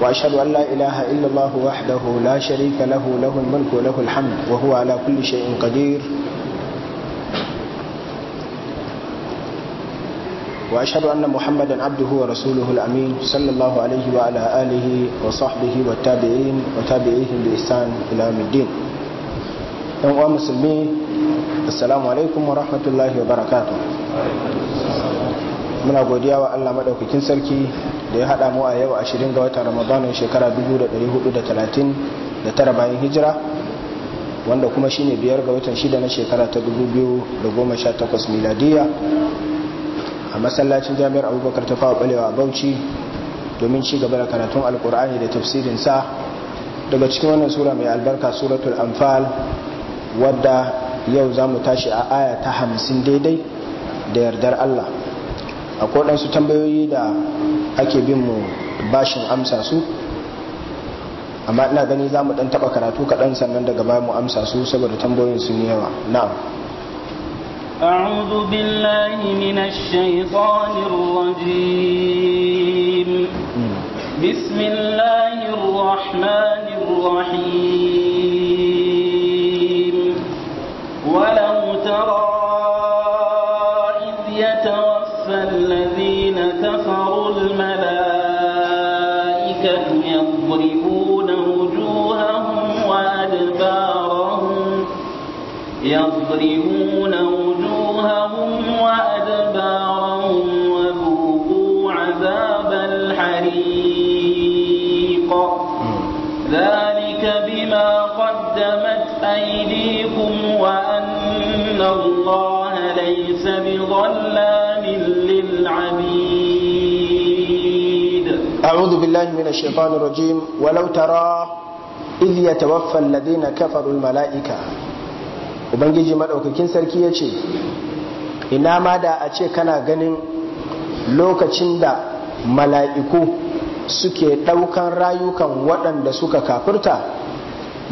وأشهد أن لا إله إلا الله وحده لا شريك له له الملك وله الحمد وهو على كل شيء قدير وأشهد أن محمدا عبده ورسوله الأمين صلى الله عليه وعلى آله وصحبه والتابعين وتابعيهم بإحسان إلى يوم الدين ‘yan uwa musulmi assalamu alaikum wa rahmatullahi wa barakatuh muna godiya wa Allah madaukakin sarki da ya hada mu a yau 20 ga watan Ramadan shekara da tara bayan hijira wanda kuma shine biyar ga watan shida na shekara ta 2018 miladiya a masallacin jami'ar abubakar ta fawa balewa a bauchi domin ci gaba da karatun alkur'ani da tafsirin sa daga cikin wannan sura mai albarka suratul anfal wadda yau zamu tashi a aya ta hamsin daidai da yardar Allah akwai waɗansu tambayoyi da ake bin mu bashin amsa su amma ina gani za mu ɗan taɓa karatu kaɗan sannan daga baya mu amsa su saboda tambayoyin sun yawa na. أعوذ بالله من الشيطان الرجيم بسم الله الرحمن الرحيم ولو ترى وجوههم وأدبارهم وذوقوا عذاب الحريق ذلك بما قدمت أيديكم وأن الله ليس بظلام للعبيد أعوذ بالله من الشيطان الرجيم ولو ترى إذ يتوفى الذين كفروا الملائكة ubangiji maɗaukakin sarki ya ce ina ma da a ce kana ganin lokacin da mala'iku suke ɗaukan rayukan waɗanda suka kafurta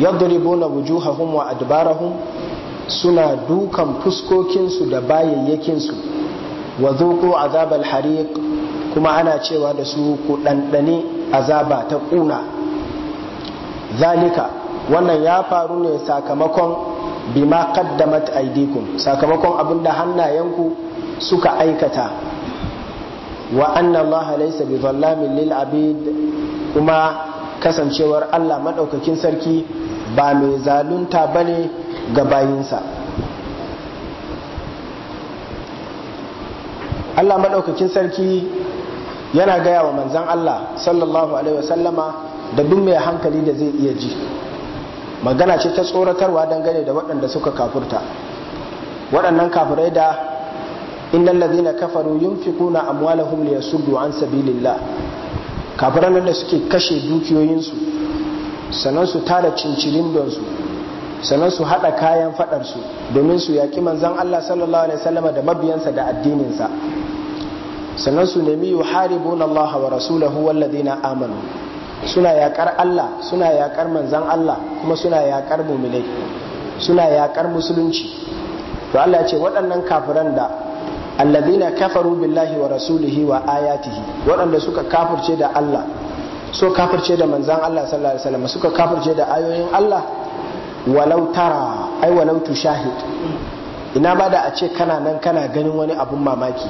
kafirta na wujuhahum wa adbarahum suna dukan fuskokinsu da bayayyakinsu wa ko azabal hariq kuma ana cewa da su ku ɗanɗane azaba ta ƙuna zalika wannan ya faru ne sakamakon bima qaddamat aydikum sakamakon abinda hannayenku suka aikata wa anna allaha laysa bi zallamin lil abid kuma kasancewar Allah madaukakin sarki ba mai zalunta bane ga bayinsa Allah madaukakin sarki yana gaya wa manzan Allah sallallahu alaihi wasallama da duk mai hankali da zai iya ji magana ce ta tsoratarwa dangane da waɗanda suka kafurta waɗannan kafurai da innal ladhina kafaru yunfiquna amwalahum liyasuddu an sabilillah kafiran nan da suke kashe dukiyoyinsu sannan su tara cincirin don su sannan su haɗa kayan faɗarsu domin su yaƙi manzan Allah sallallahu alaihi wasallama da mabiyansa da addininsa sanan su nemi yuharibuna Allah wa rasulahu walladhina amanu suna yakar Allah suna yakar manzan Allah kuma suna yakar muminai suna yakar musulunci to Allah ce waɗannan kafiran da na kafaru billahi wa rasulihi wa ayatihi waɗanda suka kafirce da Allah so kafirce da manzan Allah sallallahu alaihi wasallam suka kafirce da ayoyin Allah walau tara ai walau ina ba da a ce kana nan kana ganin wani abun mamaki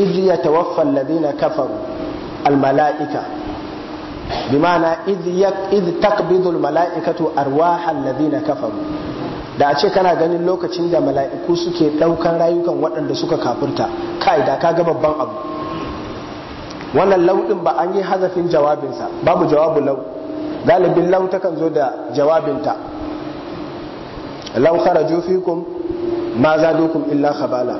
iz yatawaffa kafaru almala'ika يك إذ تقبض mala'ikatu أرواح الذين كفروا da a ce kana ganin lokacin da mala'iku suke ɗaukan rayukan waɗanda suka kafurta kai da ka ga babban abu wannan lauɗin ba an yi hazafin jawabinsa babu jawabu lau galibin lau ta kan zo da jawabinta lau kharaju fikum ma zadukum illa khabala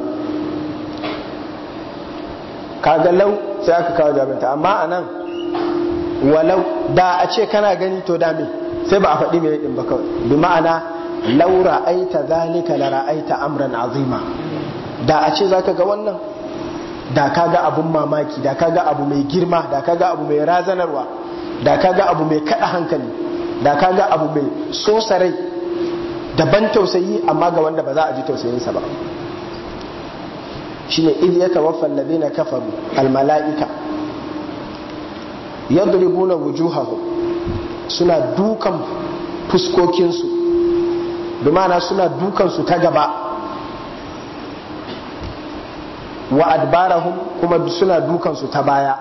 ga lau sai aka kawo jawabinta amma anan walau da a ce kana gani to dami sai ba a faɗi mai ɗin ba bi ma'ana laura aita zalika la ra'aita amran azima da a ce zaka ga wannan da ka ga abun mamaki da ka ga abu mai girma da ka ga abu mai razanarwa da ka ga abu mai kada hankali da ka ga abu mai sosarai daban tausayi amma ga wanda ba za a ji tausayinsa ba shine idh yatawaffa alladhina kafaru almala'ika yadribuna wujuhahum suna dukan fuskokinsu bi ma'ana suna dukansu ta gaba wa adbarahum kuma suna dukansu ta baya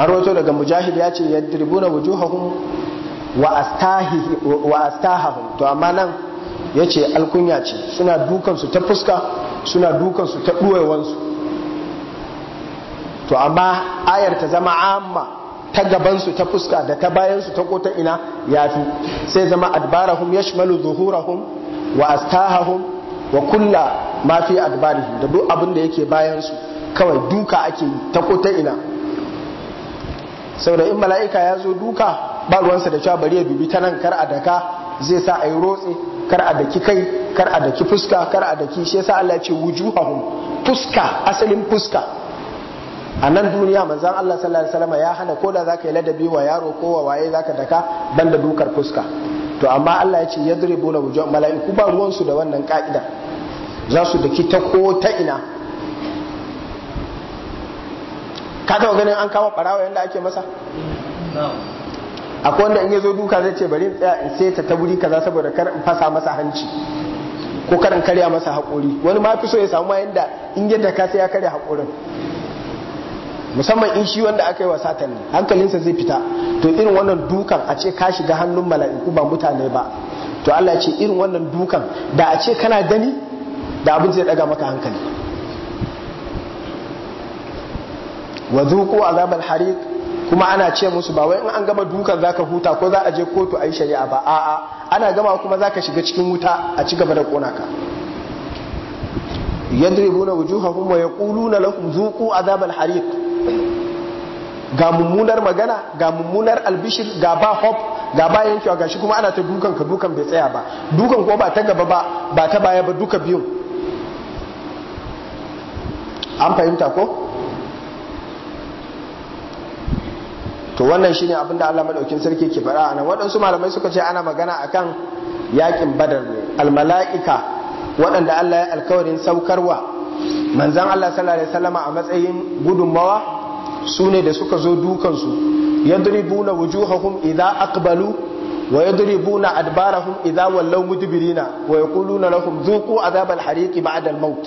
an wato daga mujahid ya ce yadribuna wujuhahum wa astahahum to amma nan ya ce alkunya ce suna dukansu ta fuska suna dukansu ta ɗuwewansu to amma ayar ta zama amma ta gabansu ta fuska da ta bayansu ta kota ina ya fi sai zama adbarahum yashmalu zuhurahum wa astahahum wa kulla ma fi adbarihim da duk abin da yake bayansu kawai duka ake yi ta kota ina saboda in mala'ika ya zo duka ba ruwansa da cewa bari ya dubi ta nan kar a daka zai sa a yi rotse kar a daki kai kar a daki fuska kar a daki shi yasa Allah ya ce wujuhahum fuska asalin fuska a nan duniya manzon Allah sallallahu alaihi wasallam ya hana koda zaka yi ladabi wa yaro ko wa waye zaka daka banda dukar fuska to amma Allah ya ce yadribuna wujuh mala'iku ba ruwan su da wannan ka'ida za su daki ta ko ta ina ka taɓa ganin an kama ɓarawa yadda ake masa akwai wanda in yazo duka zai ce bari in tsaya in sai ta wuri kaza saboda kar in fasa masa hanci ko karin karya masa haƙori wani ma fi so ya samu yanda in yadda ka sai ya karya haƙorin musamman in shi wanda aka yi wa satan ne hankalinsa zai fita to irin wannan dukan a ce ka shiga hannun mala'iku ba mutane ba to Allah ce irin wannan dukan da a ce kana gani da abin zai daga maka hankali wa zuku azabal hariq kuma ana ce musu ba wai in an gama dukan zaka huta ko za a je kotu a yi shari'a ba a'a ana gama kuma zaka shiga cikin wuta a ci gaba da konaka ka yadribuna wujuhahum wa yaquluna lahum zuku azabal hariq ga mummunar magana ga mummunar albishir ga ba hop ga ba yankewa ga kuma ana ta dukan ka dukan bai tsaya ba dukan ko ba ta gaba ba ba ta baya ba duka biyun an fahimta ko to wannan shine abinda Allah madaukin sarki ke fara anan waɗansu malamai suka ce ana magana akan yakin badar ne almala'ika waɗanda Allah ya alkawarin saukarwa manzon Allah sallallahu alaihi wasallama a matsayin gudunmawa su ne da suka zo dukansu buna wujuhahum idza aqbalu wa yadribuna adbarahum idza wallaw mudbirina wa yaquluna lahum dhuqu al-hariq ba'da al-maut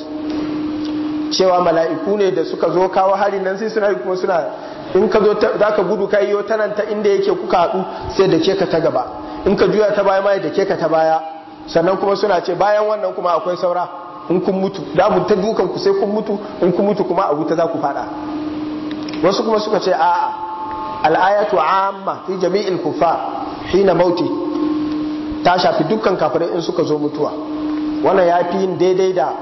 cewa mala'iku ne da suka zo kawo hari nan sai suna kuma suna in ka zo za ka gudu ka yo ta nan inda yake kuka haɗu sai da ke ka ta gaba in ka juya ta baya ma da ke ka ta baya sannan kuma suna ce bayan wannan kuma akwai saura in kun mutu da mu ta dukan ku sai kun mutu in kun mutu kuma a wuta za ku fada wasu kuma suka ce a'a al'ayatu amma fi jami'il kuffar hina mauti ta shafi dukkan kafirai in suka zo mutuwa wannan ya fi yin daidai da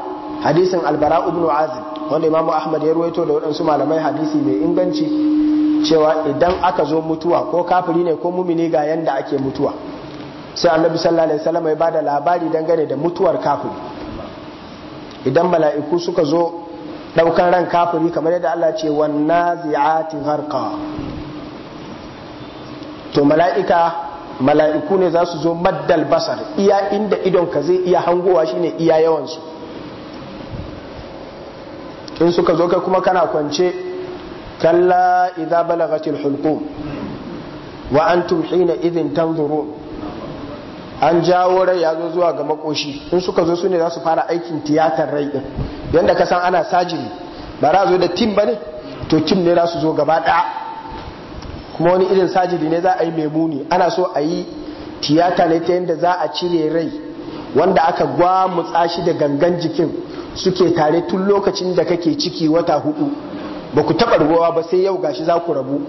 hadisin albara ibn azib wanda imamu ahmad ya ruwaito da waɗansu malamai hadisi mai inganci cewa idan aka zo mutuwa ko kafiri ne ko mumini ga yanda ake mutuwa sai annabi sallallahu alaihi wasallam ya bada labari dangane da mutuwar kafiri idan mala'iku suka zo daukan ran kafiri kamar yadda Allah ce wanna nazi'ati harka to mala'ika mala'iku ne za su zo maddal basar iya inda idon ka zai iya hangowa shine iya yawan su in suka zo kai kuma kana kwance kalla idza balagatil hulqum wa antum hina idhin tanzurun an jawo rai ya zo zuwa ga makoshi in suka zo su ne za su fara aikin tiyatar rai din yadda ka san ana sajiri ba za zo da tim ba ne to tim ne za su zo gaba ɗaya kuma wani irin sajiri ne za a yi mai ana so a yi tiyata ne ta yadda za a cire rai wanda aka gwamutsa shi da gangan jikin suke tare tun lokacin da kake ciki wata hudu ba ku taɓa ruwa ba sai yau gashi za ku rabu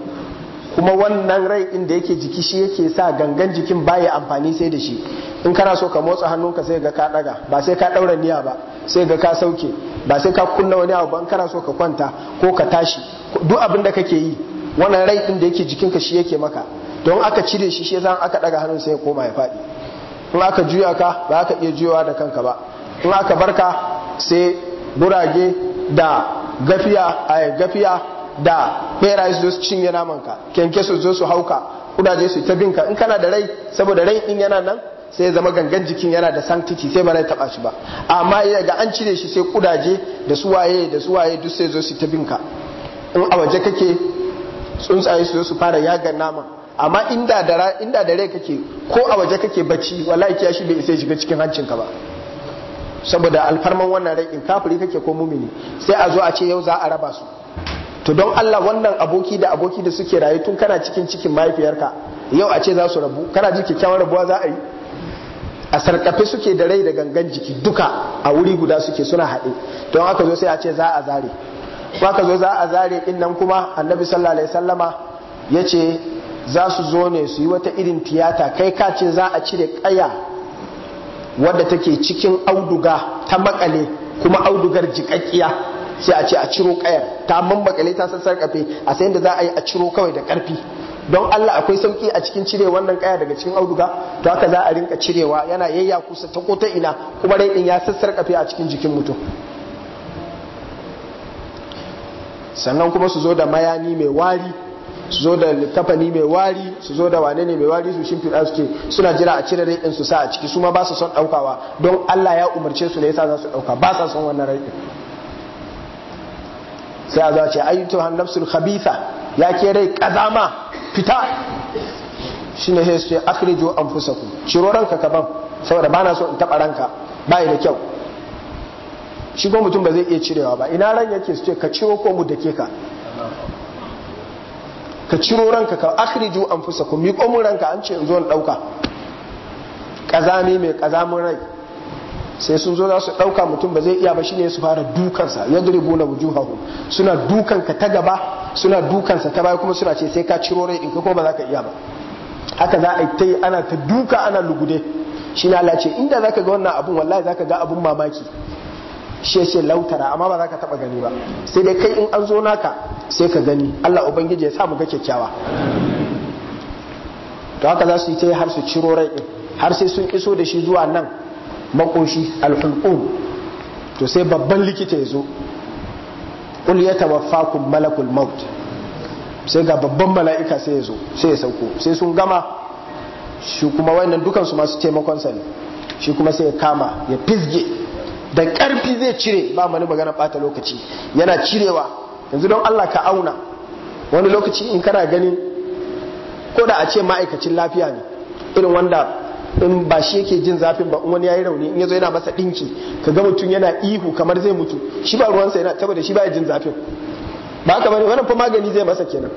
kuma wannan rai inda da yake jiki shi yake sa gangan jikin baya amfani sai da shi in kana so ka motsa hannunka sai ga ka daga ba sai ka daura niyya ba sai ga ka sauke ba sai ka kunna wani abu ba in kana so ka kwanta ko ka tashi duk abin da kake yi wannan rai inda yake jikin ka shi yake maka don aka cire shi shi yasa aka daga hannun sai ya koma ya faɗi in aka juya ka ba ka iya juyawa da kanka ba in aka barka sai burage da gafiya a gafiya da beraye su su cinye namanka ka kyanke su zo su hauka kudaje su ta binka in kana da rai saboda rai din yana nan sai ya zama gangan jikin yana da sanctity sai ba zai taba shi ba amma ga an cire shi sai kudaje da suwaye da suwaye duk sai zo su ta binka in a waje kake tsuntsaye su zo su fara yagan naman amma inda da inda da rai kake ko a waje kake bacci wallahi shi, bai isa shiga cikin hancinka ba saboda alfarman wannan rai in kafiri kake ko mumini sai a zo a ce yau za a raba su to don Allah wannan aboki da aboki da suke rayu tun kana cikin cikin mahaifiyarka yau a ce za su rabu kana ji kyakkyawan rabuwa za a yi a sarkafe suke da rai da gangan jiki duka a wuri guda suke suna haɗe don aka zo sai a ce za a zare ko aka zo za a zare din kuma annabi sallallahu alaihi sallama ya ce za su zo ne su yi wata irin tiyata kai ka ce za a cire ƙaya wadda take cikin auduga ta maƙale kuma audugar jiƙaƙƙiya sai a ce a ciro kayan ta mambakale ta san sarkafe a sayan da za a yi a ciro kawai da karfi don Allah akwai sauki a cikin cire wannan kaya daga cikin auduga to haka za a rinka cirewa yana yayya kusa ta ko ta ina kuma rai din ya kafe a cikin jikin mutum sannan kuma su zo da mayani mai wari su zo da kafani mai wari su zo da wane ne mai wari su shimfiɗa su ce suna jira a cire rai su sa a ciki su ma ba su son ɗaukawa don Allah ya umarce su ne yasa za su ɗauka ba sa son wannan rai sai a ce ayi to han nafsul khabitha ya ke rai kazama fita shine sai su akhriju anfusakum ciro ranka kaban saboda bana so in taba ranka bai da kyau shi ko mutum ba zai iya cirewa ba ina ran yake su ce ka ciro ko mu dake ka ka ciro ranka ka akhrijo anfusakum mi ko mu ranka an ce in zo in dauka kazami mai kazamun rai sai sun zo za su ɗauka mutum ba zai iya ba shine su fara dukansa ya diribu na hahu suna dukanka ta gaba suna dukansa ta baya kuma suna ce sai ka ciro rai ɗinka kuma ba za ka iya ba haka za a yi ta ana ta duka ana lugude shi na lace inda za ka ga wannan abun wallahi za ka ga abun mamaki shi ce lautara amma ba za ka taba gani ba sai dai kai in an zo naka sai ka gani Allah ubangiji ya sa mu ga kyakkyawa to haka za su yi ta har su ciro rai har sai sun iso da shi zuwa nan makoshi alhulqum to sai babban likita ya zo ya tawaffa yatawaffakum malakul maut sai ga babban mala'ika sai ya zo sai ya sauko sai sun gama shi kuma wannan dukan su masu taimakon sa ne shi kuma sai ya kama ya fizge da karfi zai cire ba mani magana bata lokaci yana cirewa yanzu don Allah ka auna wani lokaci in kana ganin ko da a ce ma'aikacin lafiya ne irin wanda in ba shi yake jin zafin ba in wani yi rauni in yazo yana masa dinki ga mutum yana ihu kamar zai mutu shi ba ruwansa yana saboda shi ba jin zafin ba haka bane wannan fa magani zai masa kenan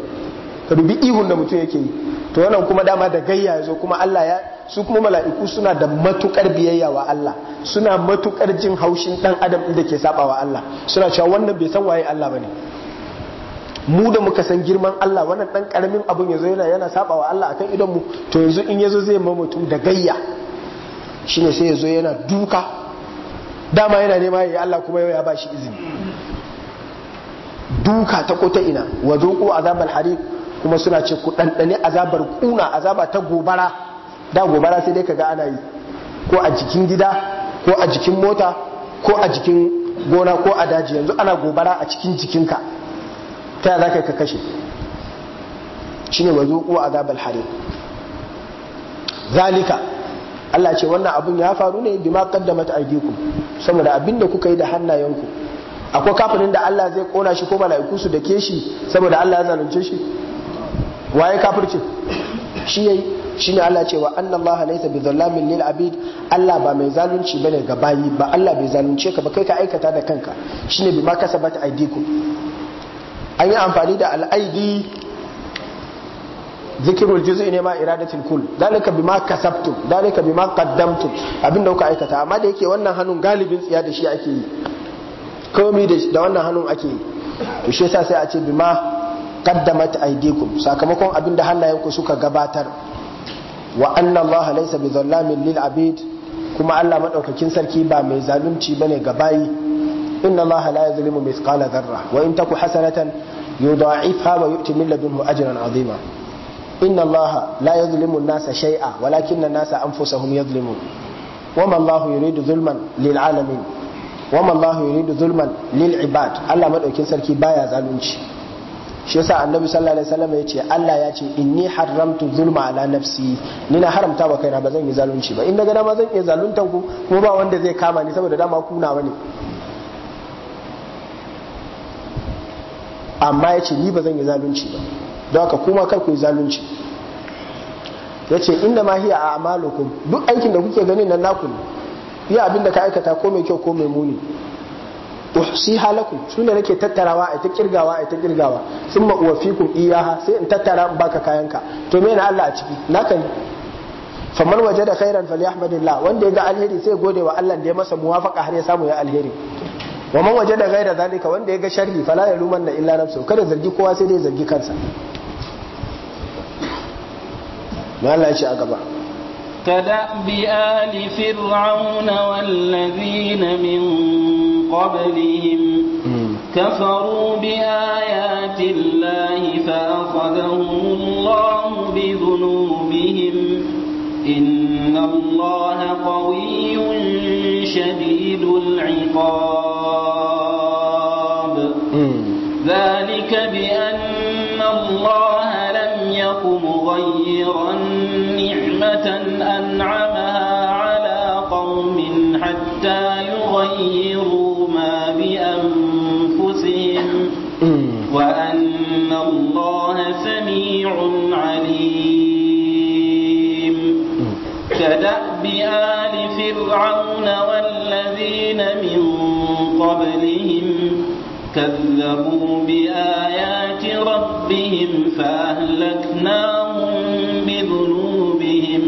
ka dubi ihun da mutum yake yi to wannan kuma dama da gayya yazo kuma Allah ya su kuma mala'iku suna da matukar biyayya wa Allah suna matukar jin haushin dan adam da ke sabawa Allah suna cewa wannan bai san waye Allah bane mu da muka san girman Allah wannan dan karamin abun yazo yana yana wa Allah akan idan mu to yanzu in yazo zai ma mutum da gayya shine sai yazo yana duka dama yana nema yayi Allah kuma yau ya ba shi izini duka ta kota ina wa zuqu azabal hariq kuma suna ce ku dandane azabar kuna azaba ta gobara da gobara sai dai kaga ana yi ko a jikin gida ko a jikin mota ko a jikin gona ko a daji yanzu ana gobara a cikin jikinka ta za ka kashe Shi ne shine kuwa a zabar harim zalika Allah ce wannan abun ya faru ne bima mata aydikum saboda abin da kuka yi da hannayenku akwai kafinin da Allah zai kona shi ko mala'iku su da ke shi saboda Allah ya zalunce shi waye kafircin shi yayi ne Allah ce wa na Allah bi zallamin lil abid Allah ba mai zalunci bane ga bayi ba Allah bai zalunce ka ba kai ka aikata da kanka Shi shine bima bata aidiku an yi amfani da al'aidi zikirul juz'i ne ma iradatul kul dalika bima kasabtu dalika bima abin da kuka aikata amma da yake wannan hannun galibin tsiya da shi ake yi komi da wannan hannun ake yi to shi yasa sai a ce bima qaddamat aydikum sakamakon abin hannayen hannayenku suka gabatar wa anna allaha laysa bi dhallamin lil abid kuma Allah madaukakin sarki ba mai zalunci bane ga bayi inna allaha la yuzlimu mithqala dharra wa in taku hasanatan yudha'ifha wa yu'ti min ladunhu ajran 'azima inna allaha la yuzlimu an-nasa shay'a walakinna an-nasa anfusahum yuzlimun wama ya yuridu zulman lil 'alamin wama allahu yuridu zulman lil 'ibad Allah madaukin sarki baya zalunci shi yasa annabi sallallahu alaihi ya ce Allah ya ce inni haramtu zulma ala nafsi ni na haramta wa kaina ba zan yi zalunci ba in daga dama zan iya zaluntar ku kuma ba wanda zai kama ni saboda dama ku nawa ne amma ya ce ni ba zan yi zalunci ba don haka kuma kar ku yi zalunci ya ce inda ma hiya a amalukum duk aikin da kuke ganin nan naku ne iya abin da ka aikata ko mai kyau ko mai muni halakun halakum sune nake tattarawa a ta kirgawa a ta kirgawa sun summa uwafikum iyaha sai in tattara in baka kayanka to me na Allah a ciki naka ne waje da khairan Ahmadillah wanda ya ga alheri sai gode wa Allah da ya masa muwafaka har ya samu ya alheri wa man waje da gaira zalika wanda ya ga sharhi fala ya lumanna illa nafsu kada zargi kowa sai dai zargi kansa Allah ya ce a gaba كدأب آل فرعون والذين من قبلهم كفروا بآيات الله فأخذهم الله بذنوبهم إن الله قوي شديد العقاب ذلك بأن الله لم يك مغيرا نعمة أنعم كذبوا بآيات ربهم فأهلكناهم بذنوبهم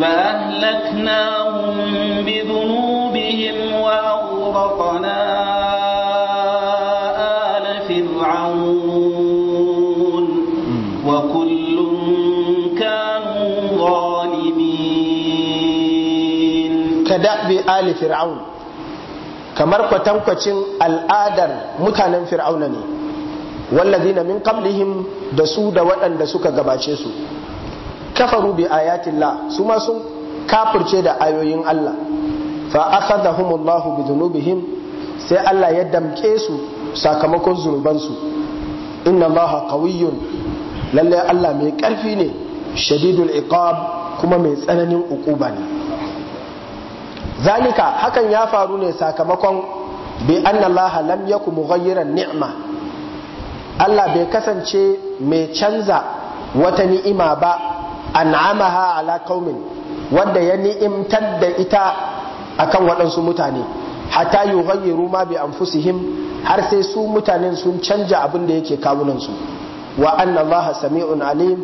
فأهلكناهم بذنوبهم وأغرقنا آل فرعون وكل كانوا ظالمين كدأب آل فرعون كمرقة kwatankwacin al'adar mutanen fir'auna ne na min qablihim da su da waɗanda suka gabace su kafaru bi ayatillah su ma sun kafirce da ayoyin Allah fa akhadahumullahu bi dhunubihim sai Allah ya damke su sakamakon zunubansu inna allaha qawiyyun lalle Allah mai karfi ne shadidul iqab kuma mai tsananin ukuba ne zalika hakan ya faru ne sakamakon bi anna Allah lam yaku mughayyiran ni'ma Allah bai kasance mai canza wata ni'ima ba an'amaha ala qaumin wanda ya ni'imtar da ita akan waɗansu mutane hatta yughayyiru ma bi anfusihim har sai su mutanen sun canja abin da yake kawunan su wa anna Allah sami'un alim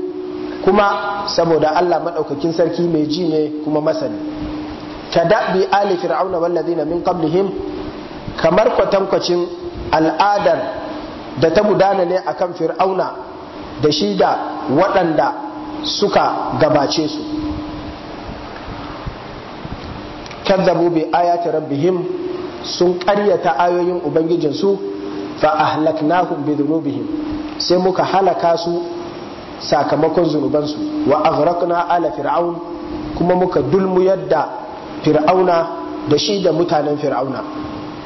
kuma saboda Allah madaukakin sarki mai ji ne kuma masani kadabi ali fir'auna wal min qablihim kamar kwatankwacin al'adar da ta gudana ne akan fir'auna da shi da waɗanda suka gabace su kazzabu bi ayati rabbihim sun ƙaryata ayoyin ubangijinsu fa ahlaknahum bi dhunubihim sai muka halaka su sakamakon zunubansu wa aghraqna ala fir'aun kuma muka dulmu yadda fir'auna da shi da mutanen fir'auna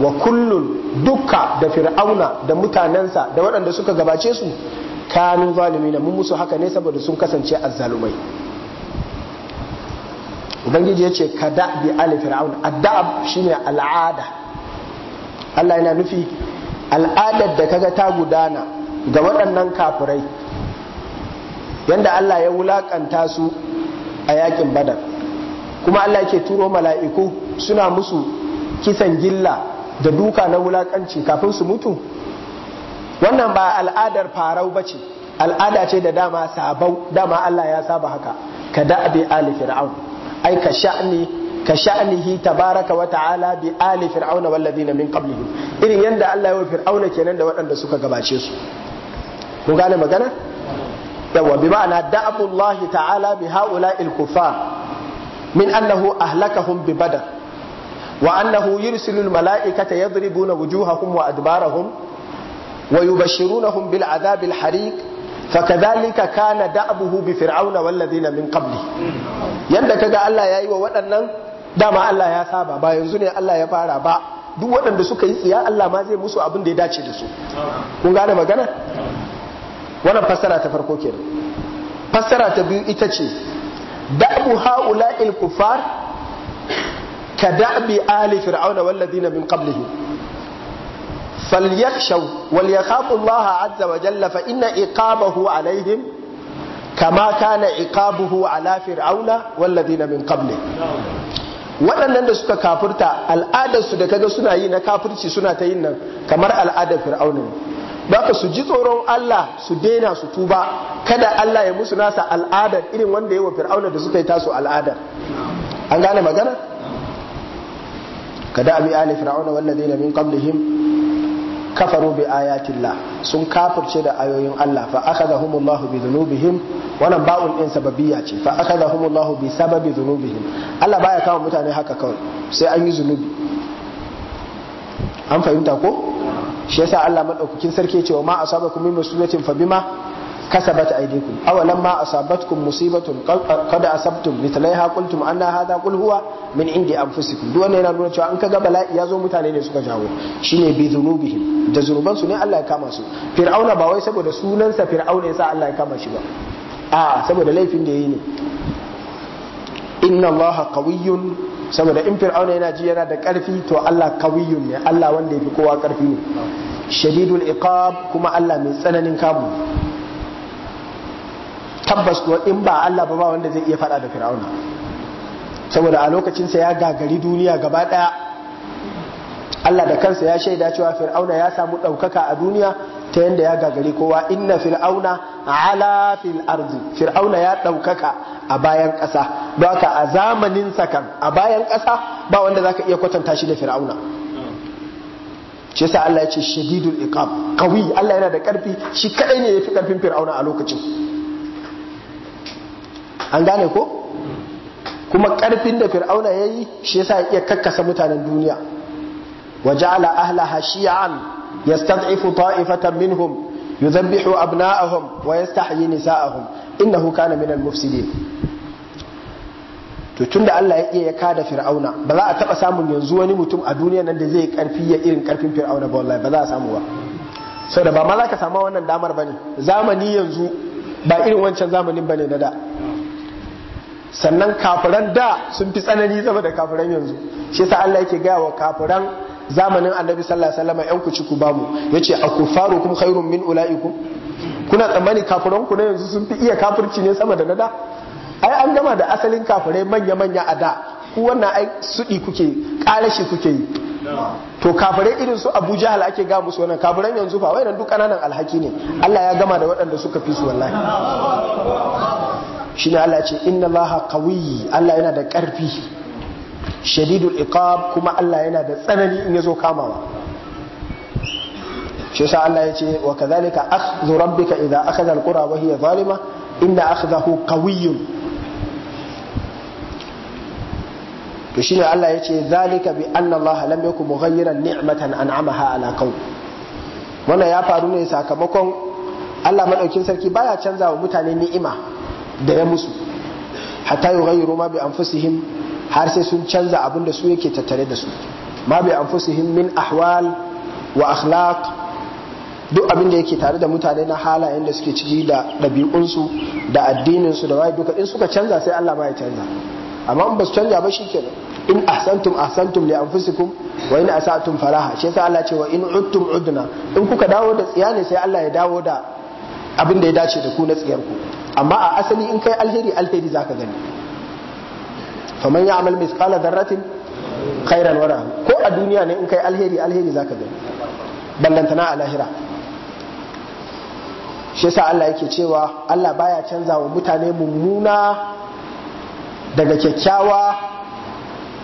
wa kullun dukka da fir'auna da mutanensa da waɗanda suka gabace su kanu zalimi na mun musu haka ne saboda sun kasance azzalumai ubangiji ya ce ka da bi ali fir'auna shi shine al'ada Allah yana nufi al'adar da kaga ta gudana ga waɗannan kafirai yanda Allah ya wulaƙanta su a yakin badar kuma Allah ke turo mala'iku suna musu kisan gilla da duka na wulakanci kafin su mutu wannan ba al'adar farau ba ce al'ada ce da dama sabau dama Allah ya saba haka ka da bi ali fir'aun ai ka sha'ni ka sha'nihi tabaraka wa ta'ala bi ali Fir'aun wal ladina min qablihim irin yanda Allah ya wa fir'auna kenan da waɗanda suka gabace su kun gane magana yawa bi ma'ana da'abullahi ta'ala bi ha'ula'il kufar min annahu ahlakahum bi badar wa annahu yursilul mala'ikata yadribuna wujuhahum wa adbarahum wa yubashshirunahum bil adhabil hariq fakadhalika kana da'buhu bi fir'auna wal ladina min qabli yanda kaga Allah yayi wa waɗannan dama Allah ya saba ba yanzu ne Allah ya fara ba duk waɗanda suka yi tsiya Allah ma zai musu abin da ya dace da su kun gane magana wannan fassara ta farko kenan fassara ta biyu ita ce da'bu ha'ula'il kufar ka da'bi ali fir'auna walladina min qablihim falyakhshaw wal yakhafu Allah azza wa jalla fa inna iqabahu alaihim kama kana iqabuhu ala fir'auna walladina min waɗannan da suka kafurta al'adarsu da kaga suna yi na kafirci suna ta yin nan kamar al'adar fir'aunin baka su ji tsoron Allah su daina su tuba kada Allah ya musu nasa al'adar irin wanda wa fir'auna da suka yi tasu al'adar an gane magana kada abi ali fir'auna walladheena min qablihim kafaru bi ayatillah sun kafirce da ayoyin Allah fa akhadahumullahu bi dhunubihim wannan ba'un din sababiyya ce fa akhadahumullahu bi sababi dhunubihim Allah baya kama mutane haka kawai sai an yi zunubi an fahimta ko shi yasa Allah madaukakin sarki ya ce wa ma asabakum min musibatin fa bima kasabat aydikum aw lamma asabatkum musibatun qad asabtum mithlaiha qultum anna hadha qul huwa min indi anfusikum duk yana nuna cewa an kaga bala'i ya zo mutane ne suka jawo shine bi dhunubihim da zunuban su ne Allah ya kama su fir'auna ba wai saboda sunansa fir'auna yasa Allah ya kama shi ba a saboda laifin da yayi ne inna Allah qawiyyun saboda in fir'auna yana ji yana da karfi to Allah qawiyyun ne Allah wanda yafi kowa karfi ne shadidul iqab kuma Allah mai tsananin kamu tabbas kuwa in ba Allah ba ba wanda zai iya fada da fir'auna saboda a lokacinsa ya gagari duniya gaba ɗaya Allah da kansa ya shaida cewa fir'auna ya samu ɗaukaka a duniya ta yadda ya gagari kowa inna fir'auna ala fil ardi fir'auna ya ɗaukaka a bayan ƙasa don a zamanin sakan a bayan ƙasa ba wanda zaka iya kwatanta shi da fir'auna shi sa Allah ya ce shadidul iqab qawi Allah yana da ƙarfi shi kadai ne ya fi ƙarfin fir'auna a lokacin an gane ko kuma karfin da fir'auna ya yi shi yasa ya iya kakkasa mutanen duniya wa ja'ala ahlaha shi'an yastad'ifu ta'ifatan minhum yudhabbihu abna'ahum wa yastahyi nisa'ahum innahu kana minal mufsidin to tun da Allah ya iya ya kada fir'auna ba za a taba samun yanzu wani mutum a duniya nan da zai karfi ya irin karfin fir'auna ba wallahi ba za a samu ba sau da ba ma za ka samu wannan damar bane zamani yanzu ba irin wancan zamanin ne na da sannan kafiran da sun fi tsanani zama da kafiran yanzu shi sa Allah yake gaya wa kafiran zamanin annabi sallallahu alaihi wasallam yan ku ci ku mu yace akufarukum khairum min ulaikum kuna tsammani kafiran ku na yanzu sun fi iya kafirci ne sama da na da ai an gama da asalin kafirai manya manya a da ku wannan ai sudi kuke karashi kuke yi to kafirai irin su Abu Jahal ake ga musu wannan kafiran yanzu fa wayannan duk kananan alhaki ne Allah ya gama da waɗanda suka fi su wallahi shine Allah ce inna laha qawi Allah yana da karfi shadidul iqab kuma Allah yana da tsanani in ya zo kamawa shi yasa Allah ya ce wa kadhalika akhdhu rabbika idha akhadha alqura wa hiya zalima inna akhdahu qawiyyun to shine Allah ya ce zalika bi anna Allah lam yakun mughayyiran ni'matan an'amaha ala qaum wannan ya faru ne sakamakon Allah madaukin sarki baya canza wa mutane ni'ima da ya musu hatta yughayyiru ma bi him har sai sun canza abin da su yake tattare da su ma bi him min ahwal wa akhlaq duk abin da yake tare da mutane na halayen da suke ciki da ɗabi'unsu da addininsu da waye duka in suka canza sai Allah ma ya canza amma in ba su canza ba shikenan in ahsantum ahsantum li anfusikum wa in asatum falaha shi yasa Allah ce wa in udtum udna in kuka dawo da tsiya sai Allah ya dawo da abin da ya dace da ku na tsiyar amma a asali in kai alheri alheri zaka gani faman ya'mal mithqala dharratin khairan wara ko a duniya ne in kai alheri alheri zaka gani ballantana a lahira shi yasa Allah yake cewa Allah baya canza wa mutane mummuna daga kyakkyawa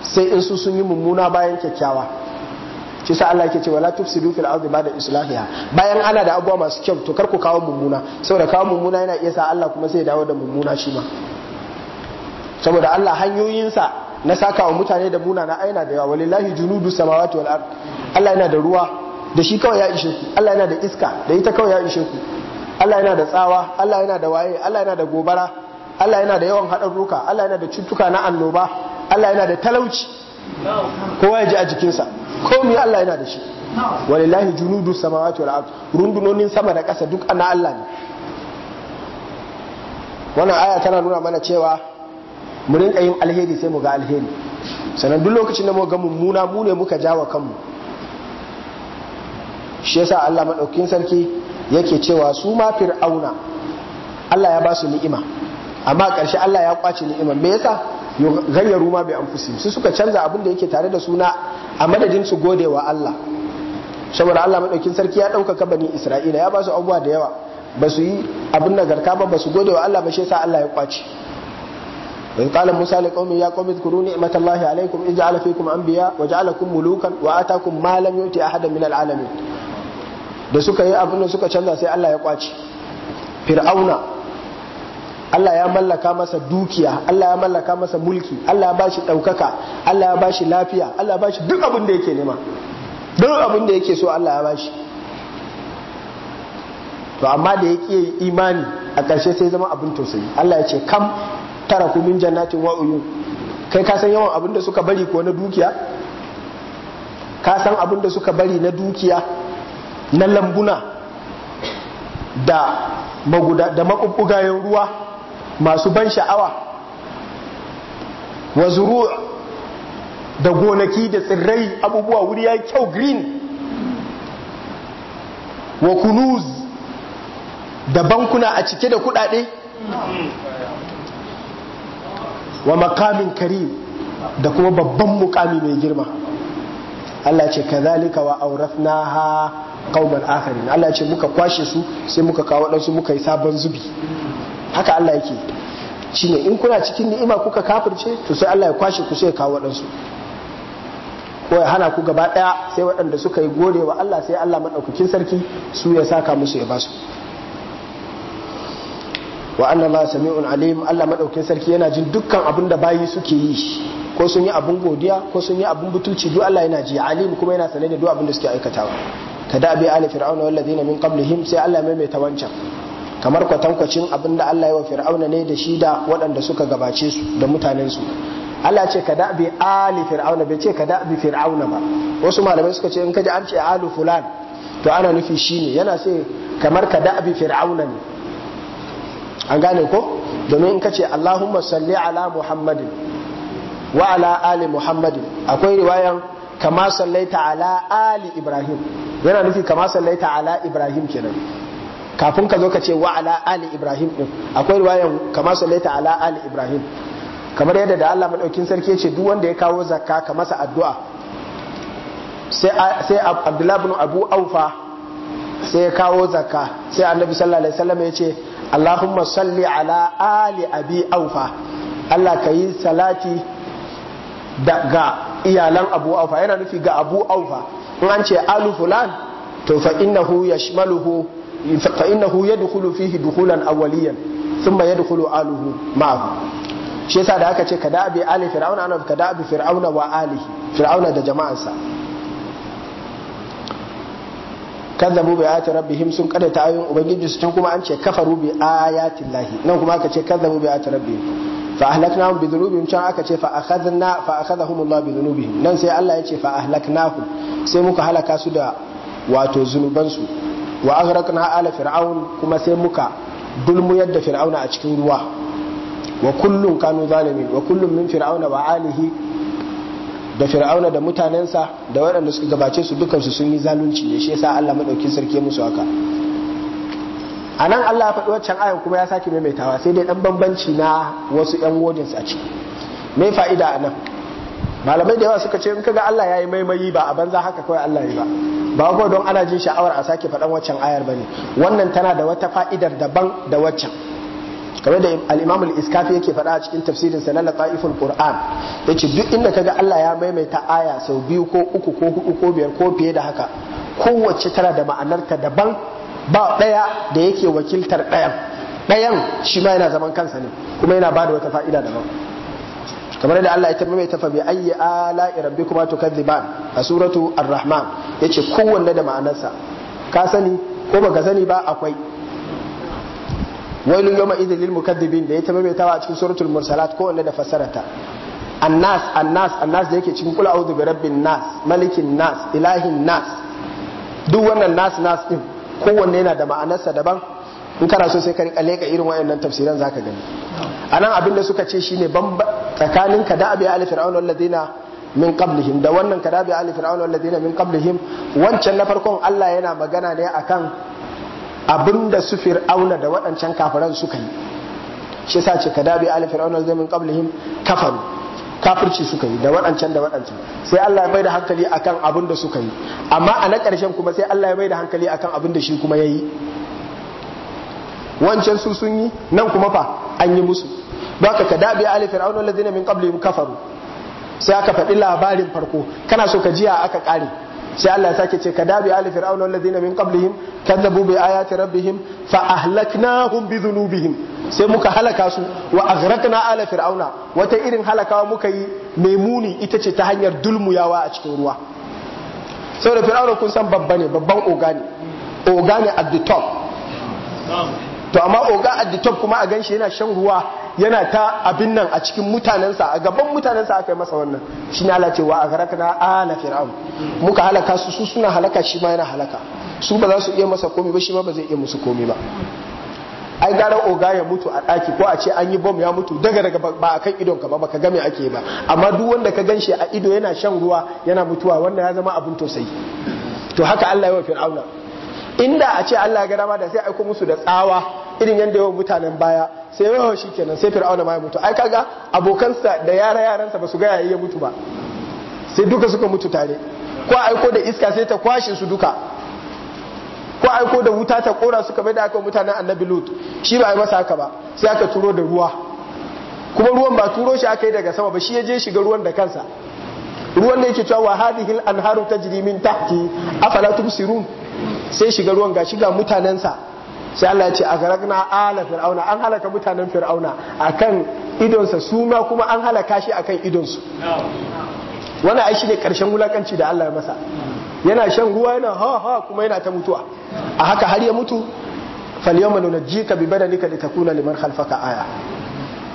sai in su sun yi mummuna bayan kyakkyawa shi sa Allah yake cewa la tufsidu fil ardi ba'da islahiha bayan ana da abubuwa masu kyau to kar ku kawo mummuna saboda kawo mummuna yana iya sa Allah kuma sai dawo da mummuna shi ma saboda Allah hanyoyinsa na saka wa mutane da na aina da yawa walillahi junudu samawati wal ard Allah yana da ruwa da shi kawai ya ishe ku Allah yana da iska da ita kawai ya ishe ku Allah yana da tsawa Allah yana da waye Allah yana da gobara Allah yana da yawan haɗarruka Allah yana da cutuka na annoba Allah yana da talauci kowa ya ji a jikinsa komi Allah yana da shi walillahi junudu samawati wal ard rundunonin sama da ƙasa duk ana Allah ne wannan aya tana nuna mana cewa mu rinka yin alheri sai mu ga alheri Sanan duk lokacin da mu ga mummuna mu ne muka jawa kanmu shi yasa Allah madaukakin sarki yake cewa su ma fir'auna Allah ya ba su ni'ima amma ƙarshe Allah ya kwace ni'imar me yasa yughayyiru ma bi anfusihim su suka canza abin da yake tare da suna a madadin su gode wa Allah saboda Allah madaukin sarki ya ɗaukaka bani Isra'ila ya ba su abubuwa da yawa ba su yi abin nagarta ba ba su gode wa Allah ba shi yasa Allah ya kwace وإذ قال موسى لقومه يا قوم اذكروا نعمة الله عليكم إذ alakun mulukan أنبياء وجعلكم ملوكا وآتاكم ما لم يؤت أحدا min العالمين da suka yi abin da suka canza sai Allah ya kwace fir'auna Allah ya mallaka masa dukiya Allah ya mallaka masa mulki Allah ya ba shi ɗaukaka Allah ya ba shi lafiya Allah ya ba shi duk abin da yake nema duk abin da yake so Allah ya ba shi. to amma da yake imani a ƙarshe sai zama abin tausayi Allah ya ce kam tara ku min jannatin wa uyu kai ka san yawan abin da suka bari ko na dukiya ka san abin da suka bari na dukiya na lambuna da maguda da ruwa masu ban sha'awa wa zuru' da gonaki da tsirrai abubuwa wuri ya yi kyau green wa kunuz da bankuna a cike da kudade wa makamin karim da kuma babban mukami mai girma Allah ce kazalika wa ha kaunar akari Allah ce muka kwashe su sai muka kawo ɗansu muka yi sabon zubi haka Allah yake shine in kuna cikin ni'ima kuka kafirce to sai Allah ya kwashe ku sai ya kawo waɗansu ko ya hana ku gaba ɗaya sai waɗanda suka yi gode wa Allah sai Allah maɗaukakin sarki su ya saka musu ya ba su. wa anna ma sami'un alim Allah maɗaukakin sarki yana jin dukkan abin da bayi suke yi ko sun yi abin godiya ko sun yi abin butulci duk Allah yana ji alim kuma yana sane da duk abin da suke aikatawa kada bi ali fir'auna wal min qablihim sai Allah maimaita wancan kamar kwatankwacin abin da Allah ya wa fir'auna ne da shi da waɗanda suka gabace su da mutanensu Allah ce ka da'bi ali fir'auna bai ce ka da'bi fir'auna ba wasu malamai suka ce in ka ji an ce alu fulan to ana nufi shi ne, yana sai kamar ka da'bi fir'auna ne an gane ko domin in ka ce Allahumma salli ala Muhammadin wa ala ali Muhammadin akwai riwayan kama sallaita ala ali Ibrahim yana nufi kama sallaita ala Ibrahim kenan kafin ka zo ka ce wa ala ali ibrahim din akwai riwayan kama sallaita ala ali ibrahim kamar yadda da Allah madaukin sarki ce duk wanda ya kawo zakka ka masa addu'a sai abdullahi bin abu aufa sai ya kawo zakka sai annabi sallallahu alaihi wasallam ya ce allahumma salli ala ali abi aufa Allah ka yi salati ga iyalan abu aufa yana nufi ga abu aufa in an ce alu fulan to fa innahu yashmaluhu فإنه يدخل فيه دخولا أوليا ثم يدخل آله معه shi yasa da aka ce ka da'abi ali fir'auna ana ka da'abi fir'auna wa alihi fir'auna da jama'ansa kazzabu bi ayati rabbihim sun kada ta ayoyin ubangiji su can kuma an ce kafaru bi ayatin lahi nan kuma aka ce kazzabu bi ayati rabbihim fa ahlaknahum bi dhunubihim can aka ce Allah nan sai Allah ya ce fa sai muka halaka su da wato zunubansu wa ala fir'aun kuma sai muka dulmu yadda fir'auna a cikin ruwa wa kullun kanu zalimin wa kullun min fir'auna wa alihi da fir'auna da mutanensa da waɗanda suka gabace su su sun yi zalunci ne shi yasa Allah madaukin sarki musu haka anan Allah ya faɗi waccan ayan kuma ya sake maimaitawa sai dai dan bambanci na wasu wodin wodins a ciki me fa'ida anan malamai da yawa suka ce in kaga Allah yayi maimayi ba a banza haka kawai Allah ya yi ba ba ko don ana jin sha'awar a sake faɗan waccan ayar ba ne wannan tana da wata fa'idar daban da waccan kamar da al-Imam al-Iskafi yake faɗa a cikin tafsirin sa na Lataiful Qur'an yace duk inda kaga Allah ya maimaita aya sau biyu ko uku ko hudu ko biyar ko fiye da haka kowace tana da ma'anarta daban ba ɗaya da yake wakiltar ɗayan ɗayan shi ma yana zaman kansa ne kuma yana bada wata fa'ida daban kamar da Allah ya tambaye ta fa bi ayyi ala rabbikuma tukadziban a suratu ar-rahman yace kowanne da ma'anarsa ka sani ko baka sani ba akwai wailu yawma idhil lil mukaddibin da ya tambaye ta a cikin suratul mursalat kowanne da fassararta annas annas annas da yake cikin kul a'udhu bi rabbin nas malikin nas ilahin nas duk wannan nas nas din kowanne yana da ma'anarsa daban in kana so sai ka rika leka irin wayannan tafsiran zaka gani anan abin da suka ce shine bamba tsakanin ka da abiya ali fir'aun walladina min qablihim da wannan ka da abiya ali fir'aun walladina min qablihim wancan na farkon Allah yana magana ne akan abin da su fir'auna da waɗancan kafiran suka yi shi yasa ce ka da abiya ali fir'aun walladina min qablihim kafaru kafirci suka yi da waɗancan da waɗancan sai Allah ya bai da hankali akan abin da suka yi amma a na ƙarshen kuma sai Allah ya bai da hankali akan abin da shi kuma ya yi wancan su sun yi nan kuma fa an yi musu don haka ka dabi ali fir'auna alladhina min qablihim kafaru sai aka faɗi labarin farko kana so ka jiya aka ƙare sai Allah ya sake ce ka dabi ali fir'auna alladhina min qablihim kadzabu bi ayati rabbihim fa ahlaknahum bi dhunubihim sai muka halaka su wa na ala fir'auna wata irin halakawa muka yi mai muni ita ce ta hanyar dulmuyawa a cikin ruwa saboda fir'auna kun san babba ne babban oga Ogani at the top to amma oga at the top kuma a ganshi yana shan ruwa yana ta abin nan a cikin mutanensa a gaban mutanensa aka yi masa wannan shi ne ala cewa a garaka na ala fir'aun muka halaka su su suna halaka shi ma yana halaka su ba za su iya masa komi ba shi ma ba zai iya musu komi ba ai gara oga ya mutu a ɗaki ko a ce an yi bom ya mutu daga daga ba a kan idon ka ba baka game ake ba amma duk wanda ka ganshi a ido yana shan ruwa yana mutuwa wanda ya zama abin tosai. to haka Allah ya wa fir'auna inda a ce Allah ya ga dama da sai aiko musu da tsawa irin yadda yawan mutanen baya sai yawan shi kenan sai fir'auna ma ya mutu ai kaga abokansa da yara yaransa ba su ga yayi ya mutu ba sai duka suka mutu tare ko aiko da iska sai ta kwashe su duka ko aiko da wuta ta kora suka bai da aka mutanen annabi lut shi ba a yi masa haka ba sai aka turo da ruwa kuma ruwan ba turo shi aka yi daga sama ba shi ya je shiga ruwan da kansa ruwan da yake cewa wa hadhihi al anharu tajri min tahti afala tubsirun sai shiga ruwan ga shiga mutanensa sai Allah ya ce agharqna ala fir'auna an halaka mutanen fir'auna akan idonsa su ma kuma an halaka shi akan idonsu wannan ai shine karshen wulakanci da Allah ya masa yana shan ruwa yana ha ha kuma yana ta mutuwa a haka har ya mutu falyawma nunajjika bi badanika litakuna liman khalfaka aya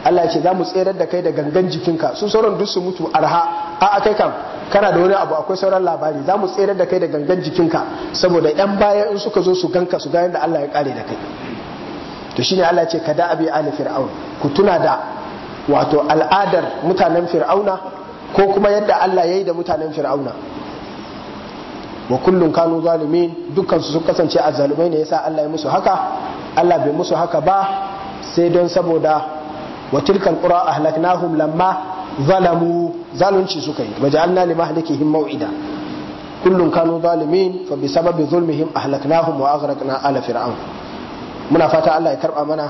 Allah ce za mu tserar da kai da gangan jikinka su sauran duk su mutu arha a kai kam kana da wani abu akwai sauran labari za mu tsere da kai da gangan jikinka saboda yan baya in suka zo su ganka su ga da Allah ya kare da kai to shine Allah ce kada abi ali fir'aun ku tuna da wato al'adar mutanen fir'auna ko kuma yadda Allah ya yi da mutanen fir'auna wa kullum kanu zalimin dukkan su sun kasance azzalumai ne yasa Allah ya musu haka Allah bai musu haka ba sai don saboda wa tilkan qura ahlaknahum lamma zalamu zalunci suka yi waja'alna li mahlikihim maw'ida kullun kanu zalimin fa bi sababi zulmihim ahlaknahum wa aghraqna ala fir'aun muna fata Allah ya karba mana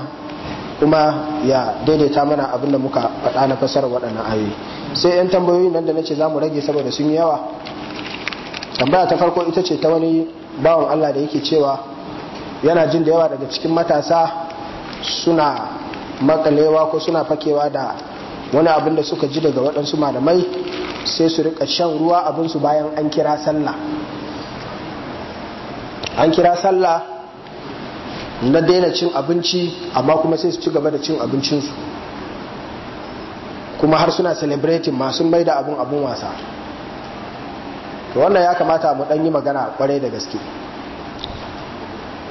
kuma ya daidaita mana abin da muka faɗa na fasar waɗannan ayoyi sai yan tambayoyi nan da nace zamu rage saboda sun yi yawa tambaya ta farko ita ce ta wani bawan Allah da yake cewa yana jin da yawa daga cikin matasa suna makalewa ko suna fakewa da wani abin da suka ji daga waɗansu malamai sai su rika shan ruwa abinsu bayan an kira sallah an kira sallah na daina cin abinci amma kuma sai su ci gaba da cin abincinsu kuma har suna celebrating masu mai da abin abin wasa to wannan ya kamata mu ɗan yi magana kwarai da gaske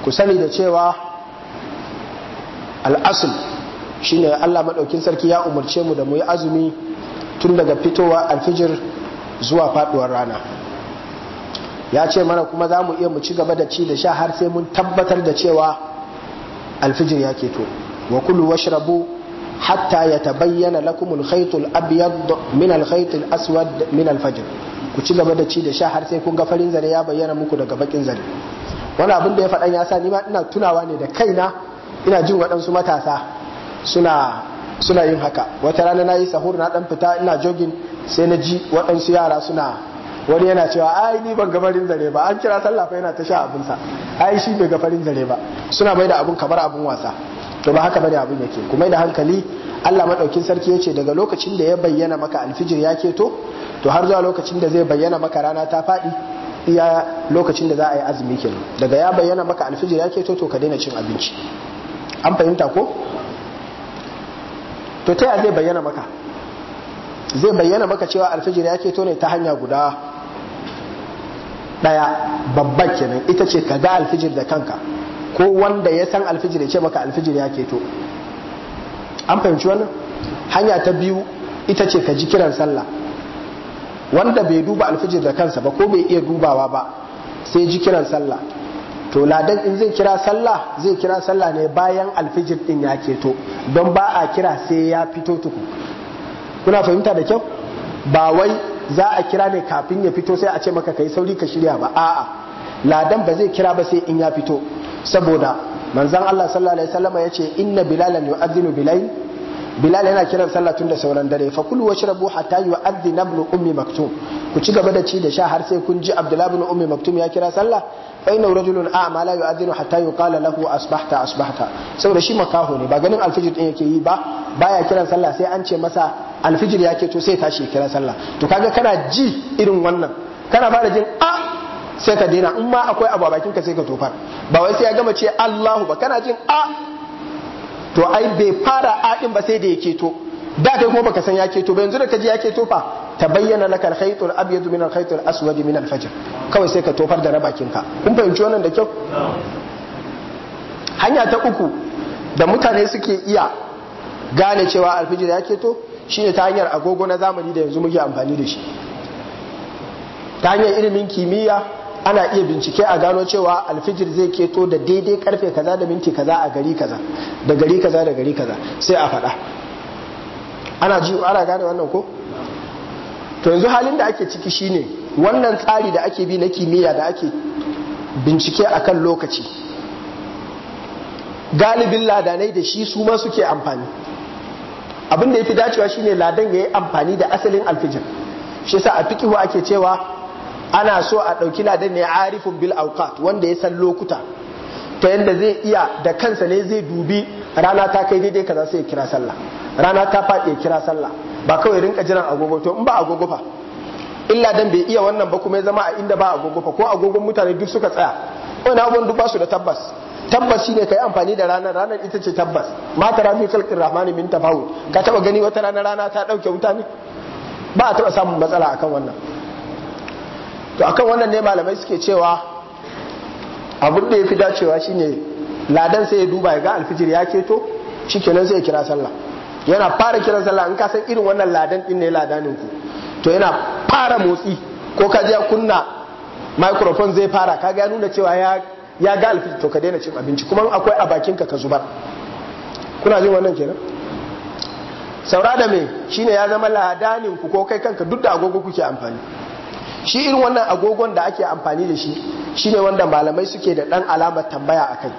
ku sani da cewa al'asul shine Allah madaukin sarki ya umarce mu da mu yi azumi tun daga fitowa alfijir zuwa faɗuwar rana ya ce mana kuma za mu iya mu ci gaba da ci da sha har sai mun tabbatar da cewa alfijir ya keto wa kullu washrabu hatta ya lakum al-khayt al-abyad min al-khayt al-aswad min al-fajr ku ci gaba da ci da sha har sai kun ga farin zare ya bayyana muku daga bakin zare wani abin da ya faɗan ya sa ni ma ina tunawa ne da kaina ina jin waɗansu matasa suna suna yin haka wata rana na yi sahur na dan fita ina jogin sai na ji waɗansu yara suna wani yana cewa ai ni ban gafarin zare ba an kira sallah fa yana ta sha sa ai shi bai gafarin zare ba suna bai da abun kamar abin wasa to ba haka bane abun yake kuma da hankali Allah madaukin sarki yace daga lokacin da ya bayyana maka alfijir ya keto to har zuwa lokacin da zai bayyana maka rana ta faɗi iya lokacin da za a yi azumi kenan daga ya bayyana maka alfijir ya keto to ka daina cin abinci an fahimta ko to ta zai bayyana maka zai bayyana maka cewa alfijir ya ke ne ta hanya guda daya babban kenan ita ce ka ga alfijir da kanka ko wanda ya san alfijir ya ce maka alfijir ya ke to. an fahimci wannan hanya ta biyu ita ce ka ji kiran sallah wanda bai duba alfijir da kansa ba ko bai iya dubawa ba sai ji kiran sallah to ladan in zai kira sallah zai kira sallah ne bayan alfijir din ya keto don ba a kira sai ya fito tuku kuna fahimta da kyau ba wai za a kira ne kafin ya fito sai a ce maka kai sauri ka shirya ba a'a ladan ba zai kira ba sai in ya fito saboda manzon Allah sallallahu alaihi wasallam ya ce inna bilalan yu'adhdhinu bilayl bilal yana kiran sallah tun da sauran dare fa kulu washrabu hatta yu'adhdhina ibn ummi maktum ku ci gaba da ci da sha har sai kun ji abdullahi ibn ummi maktum ya kira sallah aina rajulun a'ma la yu'adhinu hatta yuqala lahu asbahta asbahta da shi makaho ne ba ganin alfijir din yake yi ba baya kiran sallah sai an ce masa alfijir yake to sai tashi kiran sallah to kaga kana ji irin wannan kana fara jin a sai ka daina in ma akwai abu a bakin ka sai ka tofar ba wai sai ya gama ce Allahu ba kana jin a to ai bai fara a din ba sai da yake to da kai kuma baka san ya keto ba yanzu da ka ji ya keto fa tabayyana laka alkhaytul khayt abyad min al aswad min alfajr kawai sai ka tofar da rabakin bakinka kun fahimci wannan da kyau hanya ta uku da mutane suke iya gane cewa alfijir ya keto shine ta hanyar agogo na zamani da yanzu muke amfani da shi ta hanyar ilimin kimiyya ana iya bincike a gano cewa alfijir zai keto da daidai karfe kaza da minti kaza a gari kaza da gari kaza da gari kaza sai a faɗa ana ji ana gane wannan ko to yanzu halin da ake ciki shine wannan tsari da ake bi na kimiyya da ake bincike a kan lokaci galibin ladanai da shi su ma suke amfani abin da ya fi dacewa shine ladan ya yi amfani da asalin alfijir shi sa a fikihu ake cewa ana so a ɗauki ladan ne arifin bil auqat wanda ya san lokuta ta yadda zai iya da kansa ne zai dubi rana ta kai daidai kaza sai ya kira sallah rana ta faɗi ya kira sallah ba kawai rinka jiran agogo to in ba agogo fa illa dan bai iya wannan ba kuma ya zama a inda ba agogo fa ko agogon mutane duk suka tsaya na abubuwan duk basu su da tabbas tabbas shine kai amfani da ranar ranar ita ce tabbas ma tara min kalkin rahmani min tafawu ka taba gani wata rana rana ta dauke wuta ba a taba samun matsala akan wannan to akan wannan ne malamai suke cewa abin da ya fi dacewa shine ladan sai ya duba ya ga alfijir ya keto shikenan sai ya kira sallah yana fara kiran sallah in ka san irin wannan ladan din ne ladanin ku to yana fara motsi ko ka ji kunna microphone zai fara ka ga nuna cewa ya ya ga alfi to ka daina cin abinci kuma akwai a bakin ka ka zubar kuna jin wannan kenan saura da me shine ya zama ladanin ku ko kai kanka duk da agogo kuke amfani shi irin wannan agogon da ake amfani da shi shine wanda malamai suke da dan alamar tambaya akai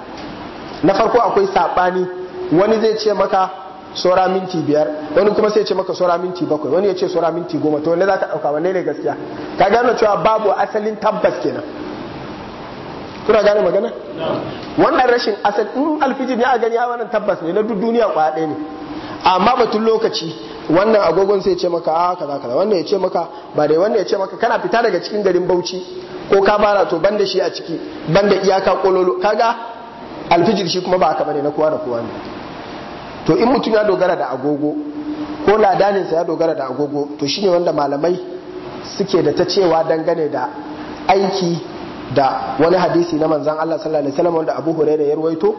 na farko akwai sabani wani zai ce maka sora minti biyar wani kuma sai ce maka sora minti bakwai wani ya ce sora minti goma to wanne za ka ɗauka wanne ne gaskiya ka gano cewa babu asalin tabbas kenan kuna gane magana wannan rashin asal in alfijir ya gani ya wannan tabbas ne na duk duniya kwa ɗaya ne amma batun lokaci wannan agogon sai ce maka a ah, kaza kaza wannan ya ce maka ba dai wannan ya ce maka kana fita daga cikin garin Bauchi ko ka bara to banda shi a ciki banda iyaka kololo kaga alfijir shi kuma ba haka bane na kowa da kowa ne to in mutum ya dogara da agogo ko ladaninsa ya dogara da agogo to shine wanda malamai suke da ta cewa dangane da aiki da wani hadisi na manzan Allah sallallahu alaihi wasallam wanda Abu Hurairah ya ruwaito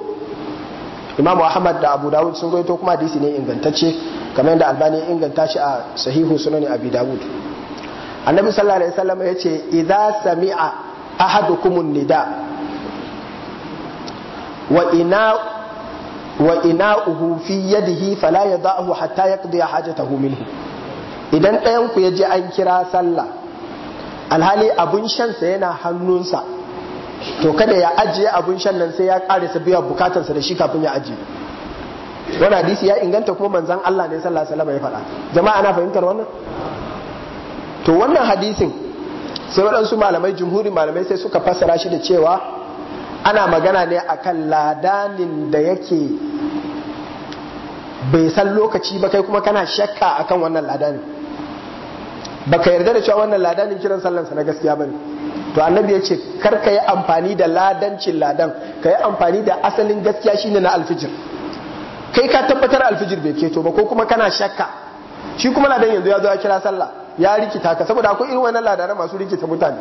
Imam Ahmad da Abu Dawud sun ruwaito kuma hadisi ne ingantacce kamar yadda Albani ya inganta shi a sahihu sunan Abi Dawud Annabi sallallahu alaihi wasallam ya ce idza sami'a ahadukumun nida wa ina wa ina'uhu fi yadihi fala yada'uhu hatta yaqdi hajatahu minhu idan ɗayan ku ji an kira sallah alhali abun shansa yana hannunsa to kada ya ajiye abun shan nan sai ya karisa biya bukatarsa da shi kafin ya ajiye Wani hadisi ya inganta kuma manzan Allah ne sallah salama ya faɗa jama'a na fahimtar wannan to wannan hadisin sai waɗansu malamai jumhuri malamai sai suka fassara shi da cewa ana magana ne a kan ladanin da yake bai san lokaci ba kai kuma kana shakka a kan wannan ladanin Ba ka yarda da cewa wannan ladanin kiran sallansa na gaskiya ne to annabi ya ce kar ka yi amfani da ladancin ladan ka yi amfani da asalin gaskiya shine na alfijir kai ka tabbatar alfijir bai keto ba ko kuma kana shakka shi kuma ladan yanzu ya zo ya kira sallah ya rikita ka saboda akwai irin wannan ladanan masu rikita mutane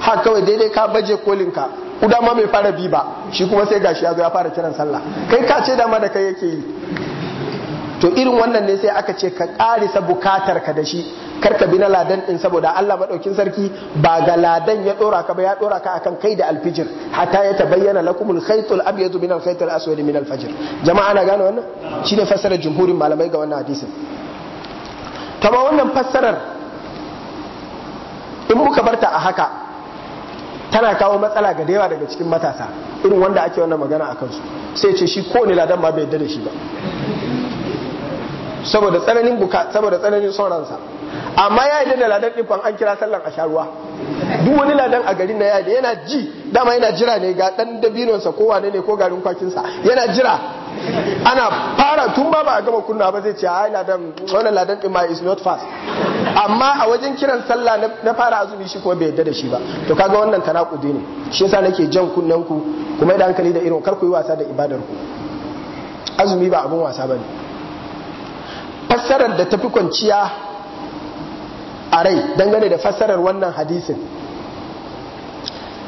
har kawai daidai ka baje kolin ka kuda ma mai fara bi ba shi kuma sai gashi ya zo ya fara kiran sallah kai ka ce dama da kai yake yi to irin wannan ne sai aka ce ka karisa bukatar ka da shi kar ka bi na ladan din saboda Allah madaukin sarki ba ga ladan ya dora ka ba ya dora ka akan kai da alfijir hatta ya tabayyana lakumul khaytul abyadu min al-khaytil aswad min al-fajr jama'a na gane wannan shine fassarar jumhurin malamai ga wannan hadisin ta wannan fassarar in muka barta a haka tana kawo matsala ga da daga cikin matasa irin wanda ake wannan magana a kansu sai ce shi ko ne ladan ma bai yadda da shi ba saboda tsananin buka saboda tsananin sauransa amma ya yi da ladan ɗin an kira sallan a sharuwa duk wani ladan a garin na ya yana ji dama yana jira ne ga ɗan dabinonsa ko wane ne ko garin kwakinsa yana jira ana fara tun ba ba a gama kunna ba zai ce ai ladan wannan ladan ɗin ma is not fast amma a wajen kiran sallah na fara azumi shi kuma bai yadda da shi ba to kaga wannan tanakudi ne shi yasa nake jan kunnen ku kuma da hankali da irin kar ku yi wasa da ibadar ku azumi ba abun wasa bane fassarar da tafi kwanciya a rai dangane da fassarar wannan hadisin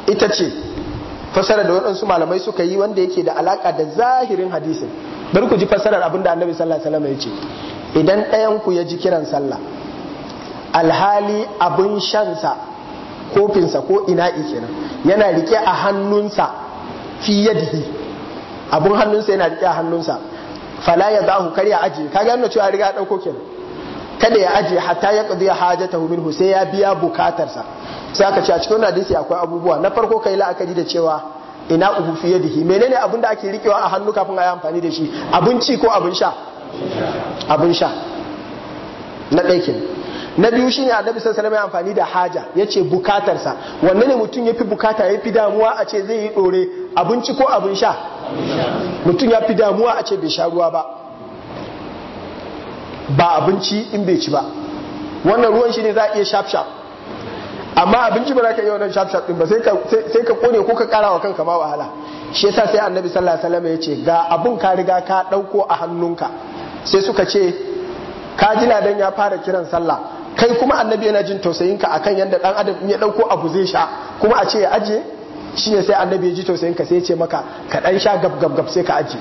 ita ce fassarar da waɗansu malamai suka yi wanda yake da alaka da zahirin hadisin bari ku ji fassarar abin da annabi sallallahu alaihi wasallam ya ce idan ɗayan ku ya ji kiran sallah alhali abin shansa kofinsa ko ina'i kenan yana rike a hannunsa fi yadihi abin hannunsa yana rike a hannunsa fala ya zahu kar ya ajiye kaga yana cewa riga dauko kenan kada ya ajiye hatta ya haja ta minhu sai ya biya bukatarsa sai aka ce a cikin hadisi akwai abubuwa na farko kai la'akari da cewa ina uhu fi yadihi menene abin da ake rikewa a hannu kafin a yi amfani da shi abinci ko abin sha abin sha na ɗaya na biyu shine annabi sallallahu alaihi amfani da haja yace bukatarsa wanne ne mutum yafi bukata yafi damuwa a ce zai yi dore abinci ko abin sha mutum yafi damuwa a ce bai sha ruwa ba ba abinci in bai ci ba wannan ruwan shi ne za a iya shaf shaf amma abinci ba za ka yi wannan shaf shaf din ba sai ka kone ko ka kara wa kanka ma wahala shi yasa sai annabi sallallahu alaihi wasallam ya ce ga abun ka riga ka dauko a hannunka sai suka ce ka jina dan ya fara kiran sallah kai kuma annabi yana jin tausayin ka akan yadda dan adam in ya dauko abu zai sha kuma a ce ya ajiye shi ne sai annabi ya ji tausayin ka sai ya ce maka ka dan sha gab sai ka aje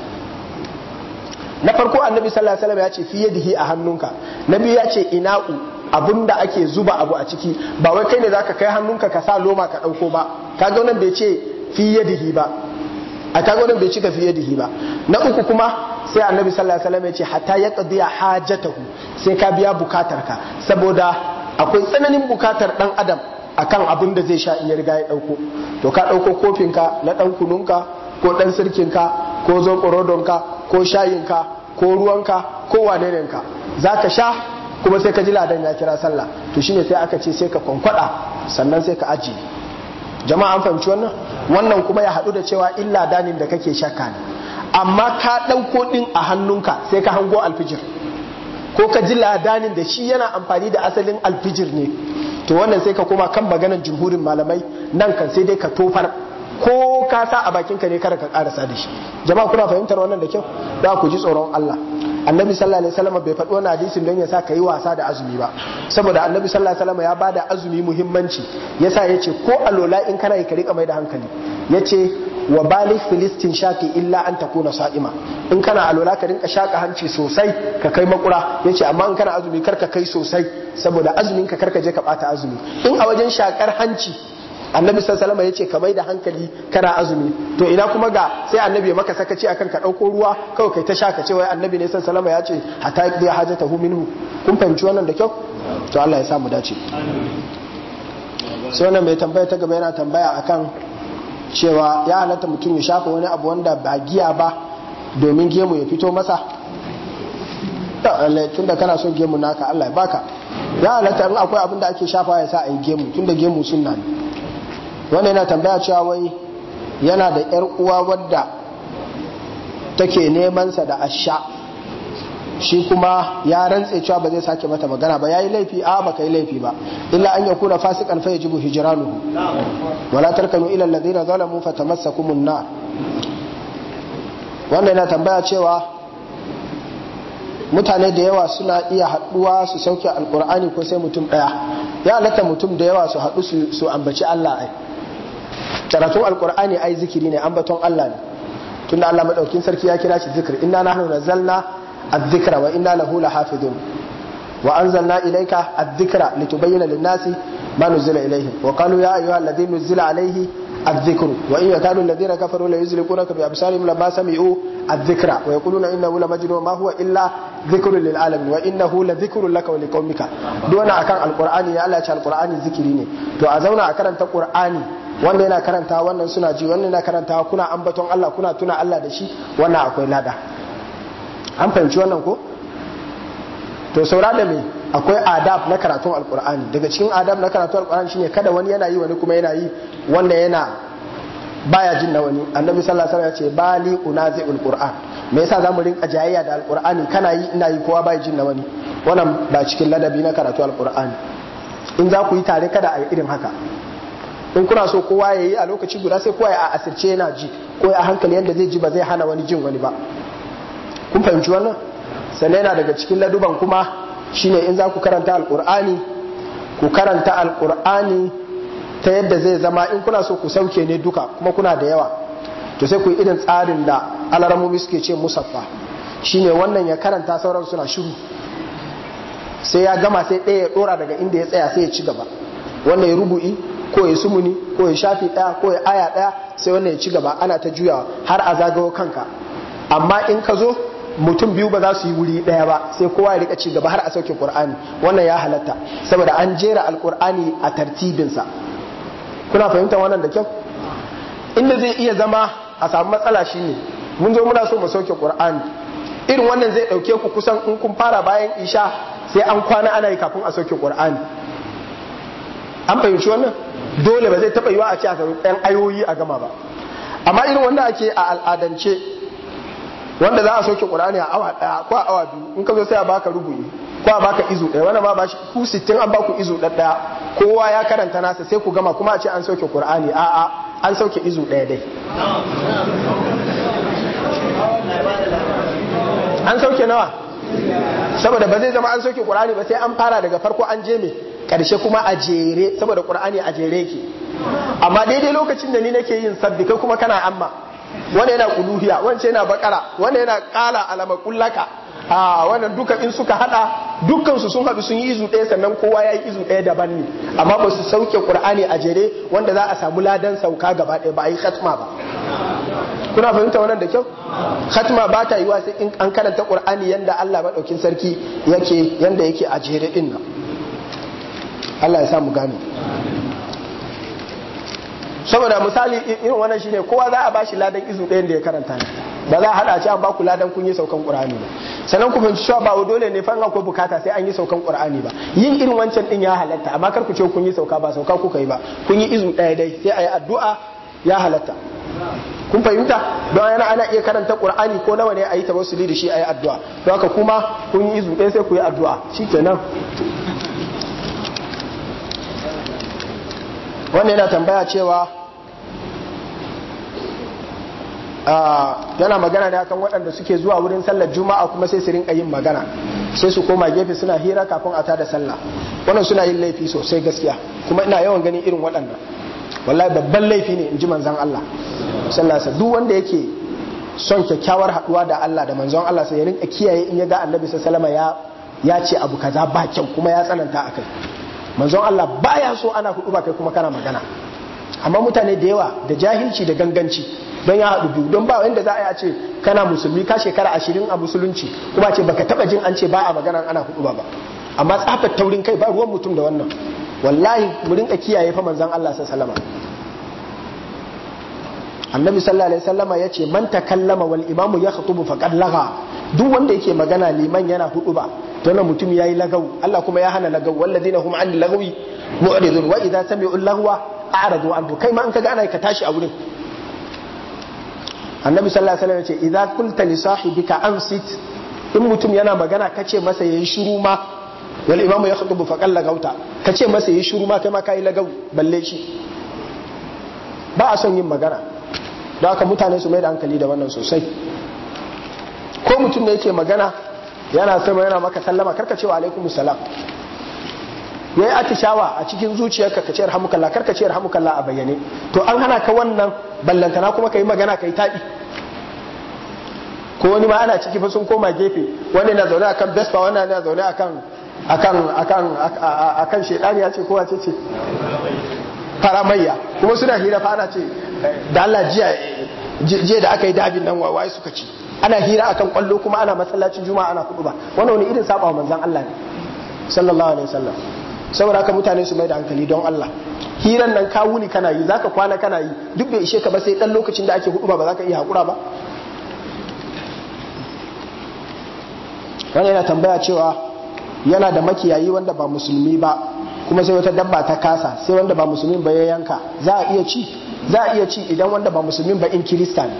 na farko annabi sallallahu alaihi wasallam ya ce fi yadihi a hannunka biyu ya ce ina'u abun da ake zuba abu a ciki ba wai kai ne zaka kai hannunka ka sa loma ka dauko ba kaga wannan bai ce fi yadihi ba a kaga wannan bai cika fi yadihi ba na uku kuma sai annabi sallallahu alaihi wasallam ya ce hatta ya qadiya hajatahu sai ka biya bukatarka saboda akwai tsananin bukatar dan adam akan abin da zai sha in ya riga ya dauko to ka dauko kofinka na dan kununka ko dan sirkinka ko ka ko shayinka ko ruwanka ko wanenenka za ka sha kuma sai ka ji ladan ya kira sallah to shine sai aka ce sai ka kwankwada sannan sai ka ajiye jama'an fahimci wannan wannan kuma ya haɗu da cewa illa danin da kake shakka ne amma ka ɗauko ɗin a hannunka sai ka hango alfijir ko ka ji ladanin da shi yana amfani da asalin alfijir ne to wannan sai ka koma kan maganan jumhurin malamai nan kan sai dai ka tofar ko ka sa a bakinka ne kada ka karasa da shi jama'a kuna fahimtar wannan da kyau da ku ji tsoron Allah annabi sallallahu alaihi wasallam bai faɗi wannan hadisin don ya sa kai wasa da azumi ba saboda annabi sallallahu alaihi wasallam ya bada azumi muhimmanci yasa yace ko alola in kana yi ka rika mai da hankali yace wa bali filistin shaki illa an kuna sa'ima in kana alwala ka rinka shaka hanci sosai ka kai makura ya ce amma in kana azumi kar ka kai sosai saboda azumin ka karka je ka bata azumi in a wajen shakar hanci annabi sallallahu alaihi ce ka mai da hankali kana azumi to ina kuma ga sai annabi ya maka sakaci akan ka dauko ruwa kawai kai ta shaka ce wai annabi ne sallallahu alaihi yace hatta hajata hu minhu kun fahimci wannan da kyau to Allah ya sa mu dace sai wannan mai tambaya ta gaba yana tambaya akan cewa ya halatta mutum ya shafa wani abu wanda ba giya ba domin gemu ya fito masa tun da kana son gemu naka Allah ya baka ya halatta in akwai abin da ake shafa ya sa a yi gemu tun da gemu sunna ne wanda yana tambaya cewa wai yana da yar uwa wadda take neman sa da asha shi kuma ya rantse cewa ba zai sake mata magana ba yayi laifi a ba kai laifi ba illa an yakuna fasikan fa yajibu hijranuhu wala tarkanu ila alladhina zalamu fatamassakumun na. Wanda yana tambaya cewa mutane da yawa suna iya haɗuwa su sauke alqur'ani ko sai mutum ɗaya ya halatta mutum da yawa su haɗu su ambaci Allah ai karatu alkur'ani ai zikiri ne ambaton Allah ne tunda Allah madaukin sarki ya kira shi zikir inna nahnu nazzalna الذكر وإنا له لحافظون وأنزلنا إليك الذكر لتبين للناس ما نزل إليهم وقالوا يا أيها الذي نزل عليه الذكر وإن يكاد الذين كفروا ليزلقونك بأبصارهم لما سمعوا الذكر ويقولون إنه لمجنون ما هو إلا ذكر للعالمين وإنه لذكر لك ولقومك دون أكان القرآن يا الله القرآن ذكريني تو أزونا أكرنت القرآن wanda yana karanta wannan suna ji wannan yana karanta kuna ambaton Allah kuna tuna Allah da shi wannan akwai lada an fahimci wannan ko to saura da me akwai adab na karatun alkur'ani daga cikin adab na karatun alkur'ani shine kada wani yana yi wani kuma yana yi wanda yana baya jin na wani annabi sallallahu alaihi wasallam ya ce bali unazi'ul qur'an me yasa zamu rinka jayayya da alkur'ani kana yi ina yi kowa baya jin na wani wannan ba cikin ladabi na karatu alkur'ani in za ku yi tare kada a yi irin haka in kuna so kowa ya yi a lokaci guda sai kowa ya a asirce yana ji ko a hankali yadda zai ji ba zai hana wani jin wani ba kun fahimci wannan sannan yana daga cikin laduban kuma shine in za ku karanta alkur'ani ku karanta alkur'ani ta yadda zai zama in kuna so ku sauke ne duka kuma kuna da yawa to sai ku yi irin tsarin da alaramomi suke ce musaffa shine wannan ya karanta sauran suna shiru sai ya gama sai ɗaya ya ɗora daga inda ya tsaya sai ya ci gaba wannan ya rubu'i ko ya sumuni ko ya shafi ɗaya ko ya aya ɗaya sai wannan ya ci gaba ana ta juyawa har a zagawo kanka amma in ka zo mutum biyu ba za su yi wuri daya ba sai kowa ya rika ci gaba har a sauke qur'ani wannan ya halatta saboda an jera alqur'ani a tartibinsa kuna fahimta wannan da kyau inda zai iya zama a samu matsala shi ne mun zo muna so mu sauke qur'ani irin wannan zai ɗauke ku kusan in kun fara bayan isha sai an kwana ana yi kafin a sauke qur'ani an fahimci wannan dole ba zai taba yiwa a ce a ɗan ayoyi a gama ba amma irin wanda ake a al'adance wanda za a soke qur'ani a awa daya ko a awa biyu in ka zo sai a baka rubuni ko a baka izu daya wanda ma ba shi ku 60 an baku izu daya kowa ya karanta nasa sai ku gama kuma a ce an soke qur'ani a a an soke izu daya dai an soke nawa saboda ba zai zama an soke qur'ani ba sai an fara daga farko an je me karshe kuma a jere saboda qur'ani a jere ke amma daidai lokacin da ni nake yin sabbi kai kuma kana amma wanda yana kuluhiya wanda yana bakara wanda yana kala alama kullaka a wannan duka in suka hada dukkan su sun hadu sun yi izu ɗaya sannan kowa ya yi izu ɗaya daban ne amma ba su sauke qur'ani a jere wanda za a samu ladan sauka gaba ɗaya ba a yi khatma ba kuna fahimta wannan da kyau khatma ba ta wa sai in an karanta qur'ani yanda Allah madaukin sarki yake yanda yake a jere din Allah ya sa mu gane saboda misali irin wannan shine kowa za a bashi ladan izu ɗayan da ya karanta ba za a hada ci an ba ku ladan kun yi saukan qur'ani ba sannan ku fahimci cewa ba dole ne fanga ko bukata sai an yi saukan qur'ani ba yin irin wancan din ya halatta amma kar ku ce kun yi sauka ba sauka kuka yi ba kun yi izu ɗaya dai sai a yi addu'a ya halatta kun fahimta don yana ana iya karanta qur'ani ko nawa ne a yi tawassuli da shi a yi addu'a don haka kuma kun yi izu ɗaya sai ku yi addu'a shikenan wanda yana tambaya cewa yana magana ne akan waɗanda suke zuwa wurin sallar juma'a kuma sai su rinka yin magana sai su koma gefe suna hira kafin a tada sallah wannan suna yin laifi sosai gaskiya kuma ina yawan ganin irin waɗannan wallahi babban laifi ne in ji manzon Allah sallallahu duk wanda yake son kyakkyawar haɗuwa da Allah da manzon Allah sai ya rinka kiyaye in ya ga annabi sallallahu alaihi ya ce abu kaza ba kyau kuma ya tsananta akai manzon Allah baya so ana hudu ba kai kuma kana magana amma mutane da yawa da jahilci da ganganci don ya haɗu biyu don ba wanda za a a ce kana musulmi ka shekara ashirin a musulunci kuma ce baka taɓa jin an ce ba a magana ana hudu ba ba amma tsafar taurin kai ba ruwan mutum da wannan wallahi mu rinka kiyaye fa manzon Allah sallallahu alaihi annabi sallallahu alaihi wasallama ce man takallama wal imamu ya yakhutubu faqad laga duk wanda yake magana liman yana hudu ba to nan mutum yayi lagau Allah kuma ya hana lagau walladina hum anil lagawi mu'ridun wa idza sami'u lahwa a'radu anhu kai ma an kaga ana ka tashi a wurin annabi sallallahu alaihi ya ce idza qulta li sahibika ansit in mutum yana magana kace masa yayi shiru ma wal imamu yakhutubu faqad lagauta kace masa yayi shiru ma kai ma kai lagau balle shi ba a son yin magana da haka mutane su mai da hankali da wannan sosai ko mutum da yake magana yana sama yana maka sallama karka cewa alaikum salam yayi atishawa a cikin zuciyarka ka ce hamukalla karka ce hamukalla a bayyane to an hana ka wannan ballantana kuma kai magana kai taɗi ko wani ma ana ciki fa sun koma gefe wani na zaune akan bespa wani na zaune akan akan akan ya ce ko wace ce faramayya kuma suna hira fa ana ce da Allah jiya da aka yi da abin nan wawaye suka ci ana hira akan kwallo kuma ana masallacin juma'a ana kudu ba wannan wani irin saba manzon Allah ne sallallahu alaihi wasallam saboda haka mutane su mai da hankali don Allah hiran nan ka wuni kana yi zaka kwana kana yi duk bai ishe ka ba sai dan lokacin da ake hudu ba ba zaka iya hakura ba wani yana tambaya cewa yana da makiyayi wanda ba musulmi ba kuma sai wata dabba ta kasa sai wanda ba musulmi ba ya yanka za a iya ci za a iya ci idan wanda ba musulmin ba in kirista ne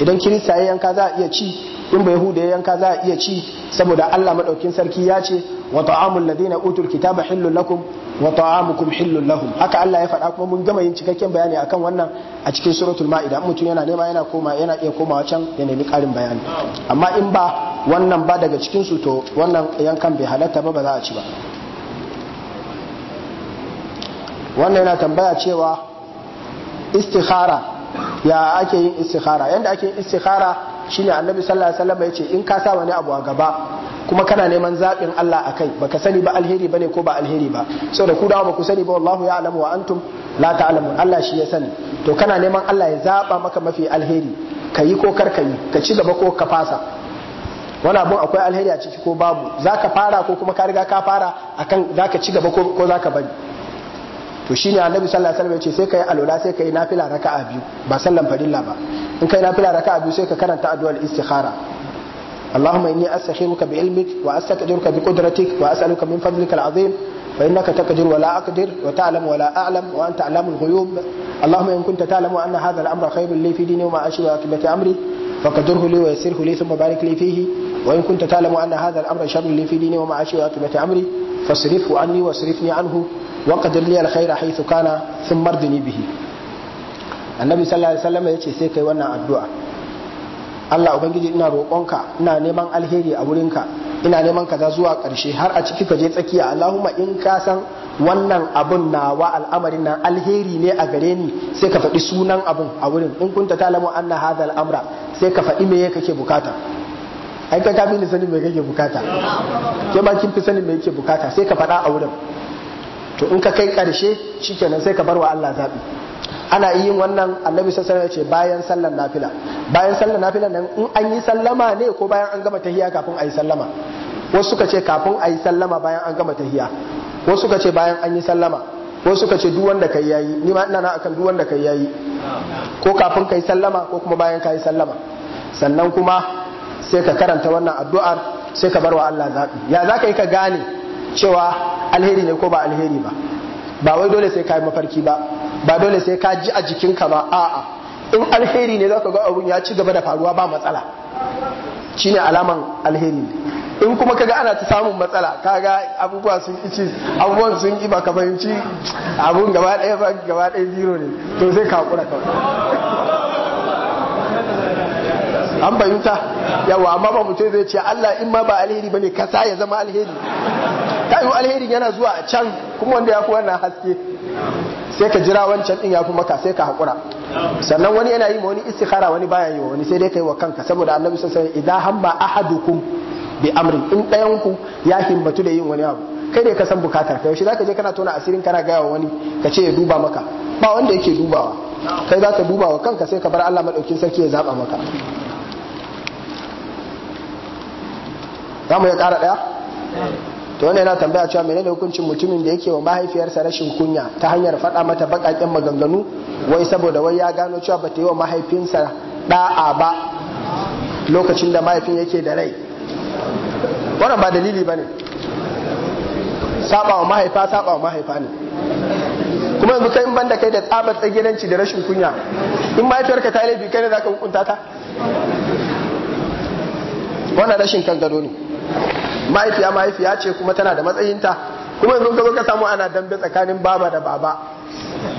idan kirista ya yanka za a iya ci in ba yahuda ya yanka za a iya ci saboda Allah madaukin sarki ya ce wa ta'amul ladina utul kitaba hillul lakum wa ta'amukum hillul lahum haka Allah ya faɗa kuma mun gama yin cikakken bayani akan wannan a cikin suratul Idan mutum yana nema yana koma yana iya komawa can ya nemi ƙarin bayani amma in ba wannan ba daga cikin su to wannan yankan bai halatta ba ba za a ci ba wannan yana tambaya cewa istikhara ya ake yin istikhara yanda ake yin istikhara shine annabi sallallahu alaihi wasallam yace in ka sa wani abu a gaba kuma kana neman zaɓin Allah a kai baka sani ba alheri bane ko ba alheri ba da ku dawo ku sani ba wallahu ya alamu wa antum la ta'lamun Allah shi ya sani to kana neman Allah ya zaba maka mafi alheri ka ko kar ka ka ci gaba ko ka fasa wani abun akwai alheri a ciki ko babu zaka fara ko kuma ka riga ka fara akan zaka ci gaba ko zaka bari to shine annabi sallallahu alaihi wasallam ya ce sai kai alwala sai kai nafila raka'a biyu ba sallan farilla ba in kai nafila raka'a biyu sai ka karanta addu'ar istikhara اللهم إني أستخيرك بعلمك وأستقدرك بقدرتك وأسألك من فضلك العظيم فإنك تقدر ولا أقدر وتعلم ولا أعلم وأنت أعلم الغيوب اللهم إن كنت تعلم أن هذا الأمر خير لي في ديني ومعاشي وعاقبة أمري فقدره لي ويسره لي ثم بارك لي فيه وإن كنت تعلم أن هذا الأمر شر لي في ديني ومعاشي وعاقبة أمري فاصرفه عني واصرفني عنه وقدر لي الخير حيث كان ثم ردني به annabi sallallahu alaihi wasallam ya ce sai kai wannan addu'a Allah ubangiji ina roƙonka ina neman alheri a wurinka ina neman kaza zuwa ƙarshe har a ciki ka je tsakiya Allahumma in ka san wannan abun nawa al'amarin nan alheri ne a gare ni sai ka faɗi sunan abun a wurin in kunta talamu anna hadha al'amra sai ka faɗi me kake bukata ai ka ka mini sanin me kake bukata ke ba kin fi sanin me yake bukata sai ka faɗa a wurin to in ka kai ƙarshe shikenan sai ka bar wa Allah zaɓi ana yin wannan annabi sallallahu alaihi ce bayan sallar nafila bayan sallar nafila nan in an yi sallama ne ko bayan an gama tahiya kafin a yi sallama wasu suka ce kafin a yi sallama bayan an gama tahiya wasu suka ce bayan an yi sallama wasu suka ce duk wanda kai yayi ni ma ina na akan duk wanda kai yayi ko kafin kai sallama ko kuma bayan kai sallama sannan kuma sai ka karanta wannan addu'ar sai ka bar wa Allah zabi ya zaka yi ka gane cewa alheri ne ko ba alheri ba ba wai dole sai ka yi mafarki ba ba dole sai ka ji a jikinka ba a'a in alheri ne zaka ga abun ya ci gaba da faruwa ba matsala shine alaman alheri in kuma kaga ana ta samun matsala kaga abubuwa sun ici abubuwan sun ki baka fahimci abun gaba daya ba gaba daya zero ne to sai ka hakura kawai an fahimta yawa amma ba mutum zai ce Allah in ma ba alheri bane kasa ya zama alheri ta yiwu alherin yana zuwa a can kuma wanda ya fi wannan haske sai ka jira wancan din ya fi maka sai ka haƙura sannan wani yana yi ma wani istikhara wani baya yi wani sai dai kai wa kanka saboda annabi sallallahu alaihi wasallam idan hamma ahadukum bi amrin in ɗayan ku ya himmatu da yin wani abu kai ne ka san bukatar ka yaushe zaka je kana tona asirin kana gaya wa wani ka ce ya duba maka ba wanda yake dubawa kai za ka duba wa kanka sai ka bar Allah madaukin sarki ya zaba maka za mu ya kara ɗaya to wannan yana tambaya cewa menene hukuncin mutumin da yake wa mahaifiyarsa rashin kunya ta hanyar faɗa mata baƙaƙen maganganu wai saboda wai ya gano cewa bata yi wa mahaifinsa da'a ba lokacin da mahaifin yake da rai wannan ba dalili bane saba wa mahaifa saba wa mahaifa ne kuma yanzu kai in banda kai da tsabar tsagiranci da rashin kunya in mahaifiyarka ta laifi kai ne zaka hukunta ta wannan rashin kan gado ne mahaifiya mahaifiya ce kuma tana da matsayinta kuma yanzu ka zo ka samu ana dambe tsakanin baba da baba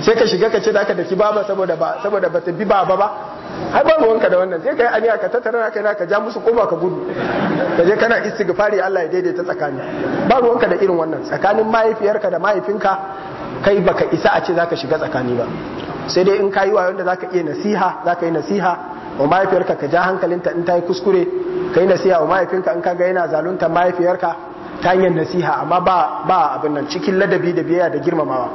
sai ka shiga ka ce zaka daki baba saboda ba saboda bata bi baba ba har babu wanka da wannan sai ka kai aniya ka tattara kai na ka ja musu koma ka gudu ka je kana istighfari Allah ya daidaita tsakani babu wanka da irin wannan tsakanin mahaifiyarka da mahaifinka kai baka isa a ce zaka shiga tsakani ba sai dai in ka yi wa wanda zaka iya nasiha zaka yi nasiha wa mahaifiyarka ka ja hankalinta in ta yi kuskure kai nasiha wa mahaifinka in kaga yana zalunta mahaifiyarka ta hanyar nasiha amma ba ba abin nan cikin ladabi da biyayya da girmamawa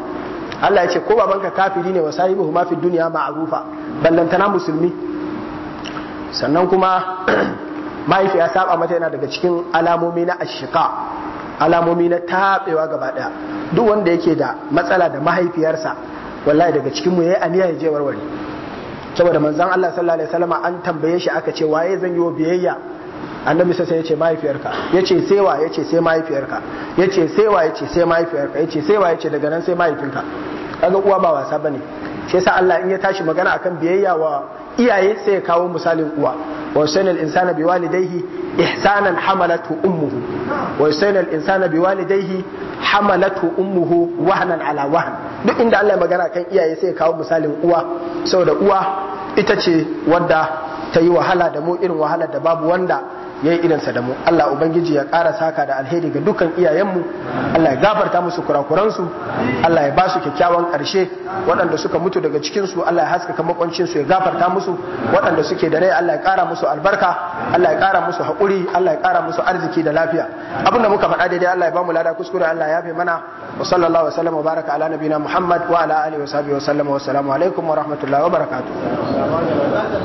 Allah ya ce ko babanka kafiri ne wa sahibihu ma fi dunya ma'rufa ballantana musulmi sannan kuma mahaifiya saba mata yana daga cikin alamomi na ashiqa alamomi na tabewa gaba daya duk wanda yake da matsala da mahaifiyarsa wallahi daga cikin mu yayi aniya ya je warware saboda manzon Allah sallallahu alaihi wasallam an tambaye shi aka ce waye zan yi wa biyayya annabi sai ya ce mahaifiyarka ya ce sai ya ce sai mahaifiyarka ya ce sai ya ce sai mahaifiyarka ya ce ya ce daga nan sai mahaifinka kaga uwa ba wasa bane shi yasa Allah in ya tashi magana akan biyayya wa iyaye sai ya kawo misalin uwa wa sayyidul insana biwalidayhi ihsanan hamalatu ummuhu wa sayyidul insana biwalidayhi hamalatu ummuhu wahnan ala wahn duk inda Allah ya magana kan iyaye sai ya kawo misalin uwa saboda uwa ita ce wadda ta yi wahala da mu irin wahala da babu wanda ya yi idansa da mu Allah ubangiji ya ƙara saka da alheri ga dukkan iyayenmu Allah ya gafarta musu kurakuransu Allah ya ba su kyakkyawan ƙarshe waɗanda suka mutu daga cikinsu Allah ya haskaka makwancinsu ya gafarta musu waɗanda suke da rai Allah ya ƙara musu albarka Allah ya ƙara musu haƙuri Allah ya ƙara musu arziki da lafiya abin da muka faɗa daidai Allah ya ba mu lada kuskure Allah ya yafe mana wa sallallahu wa sallama baraka ala nabina Muhammad wa ala alihi wa sahbihi wa sallama wa assalamu alaikum wa rahmatullahi wa barakatuh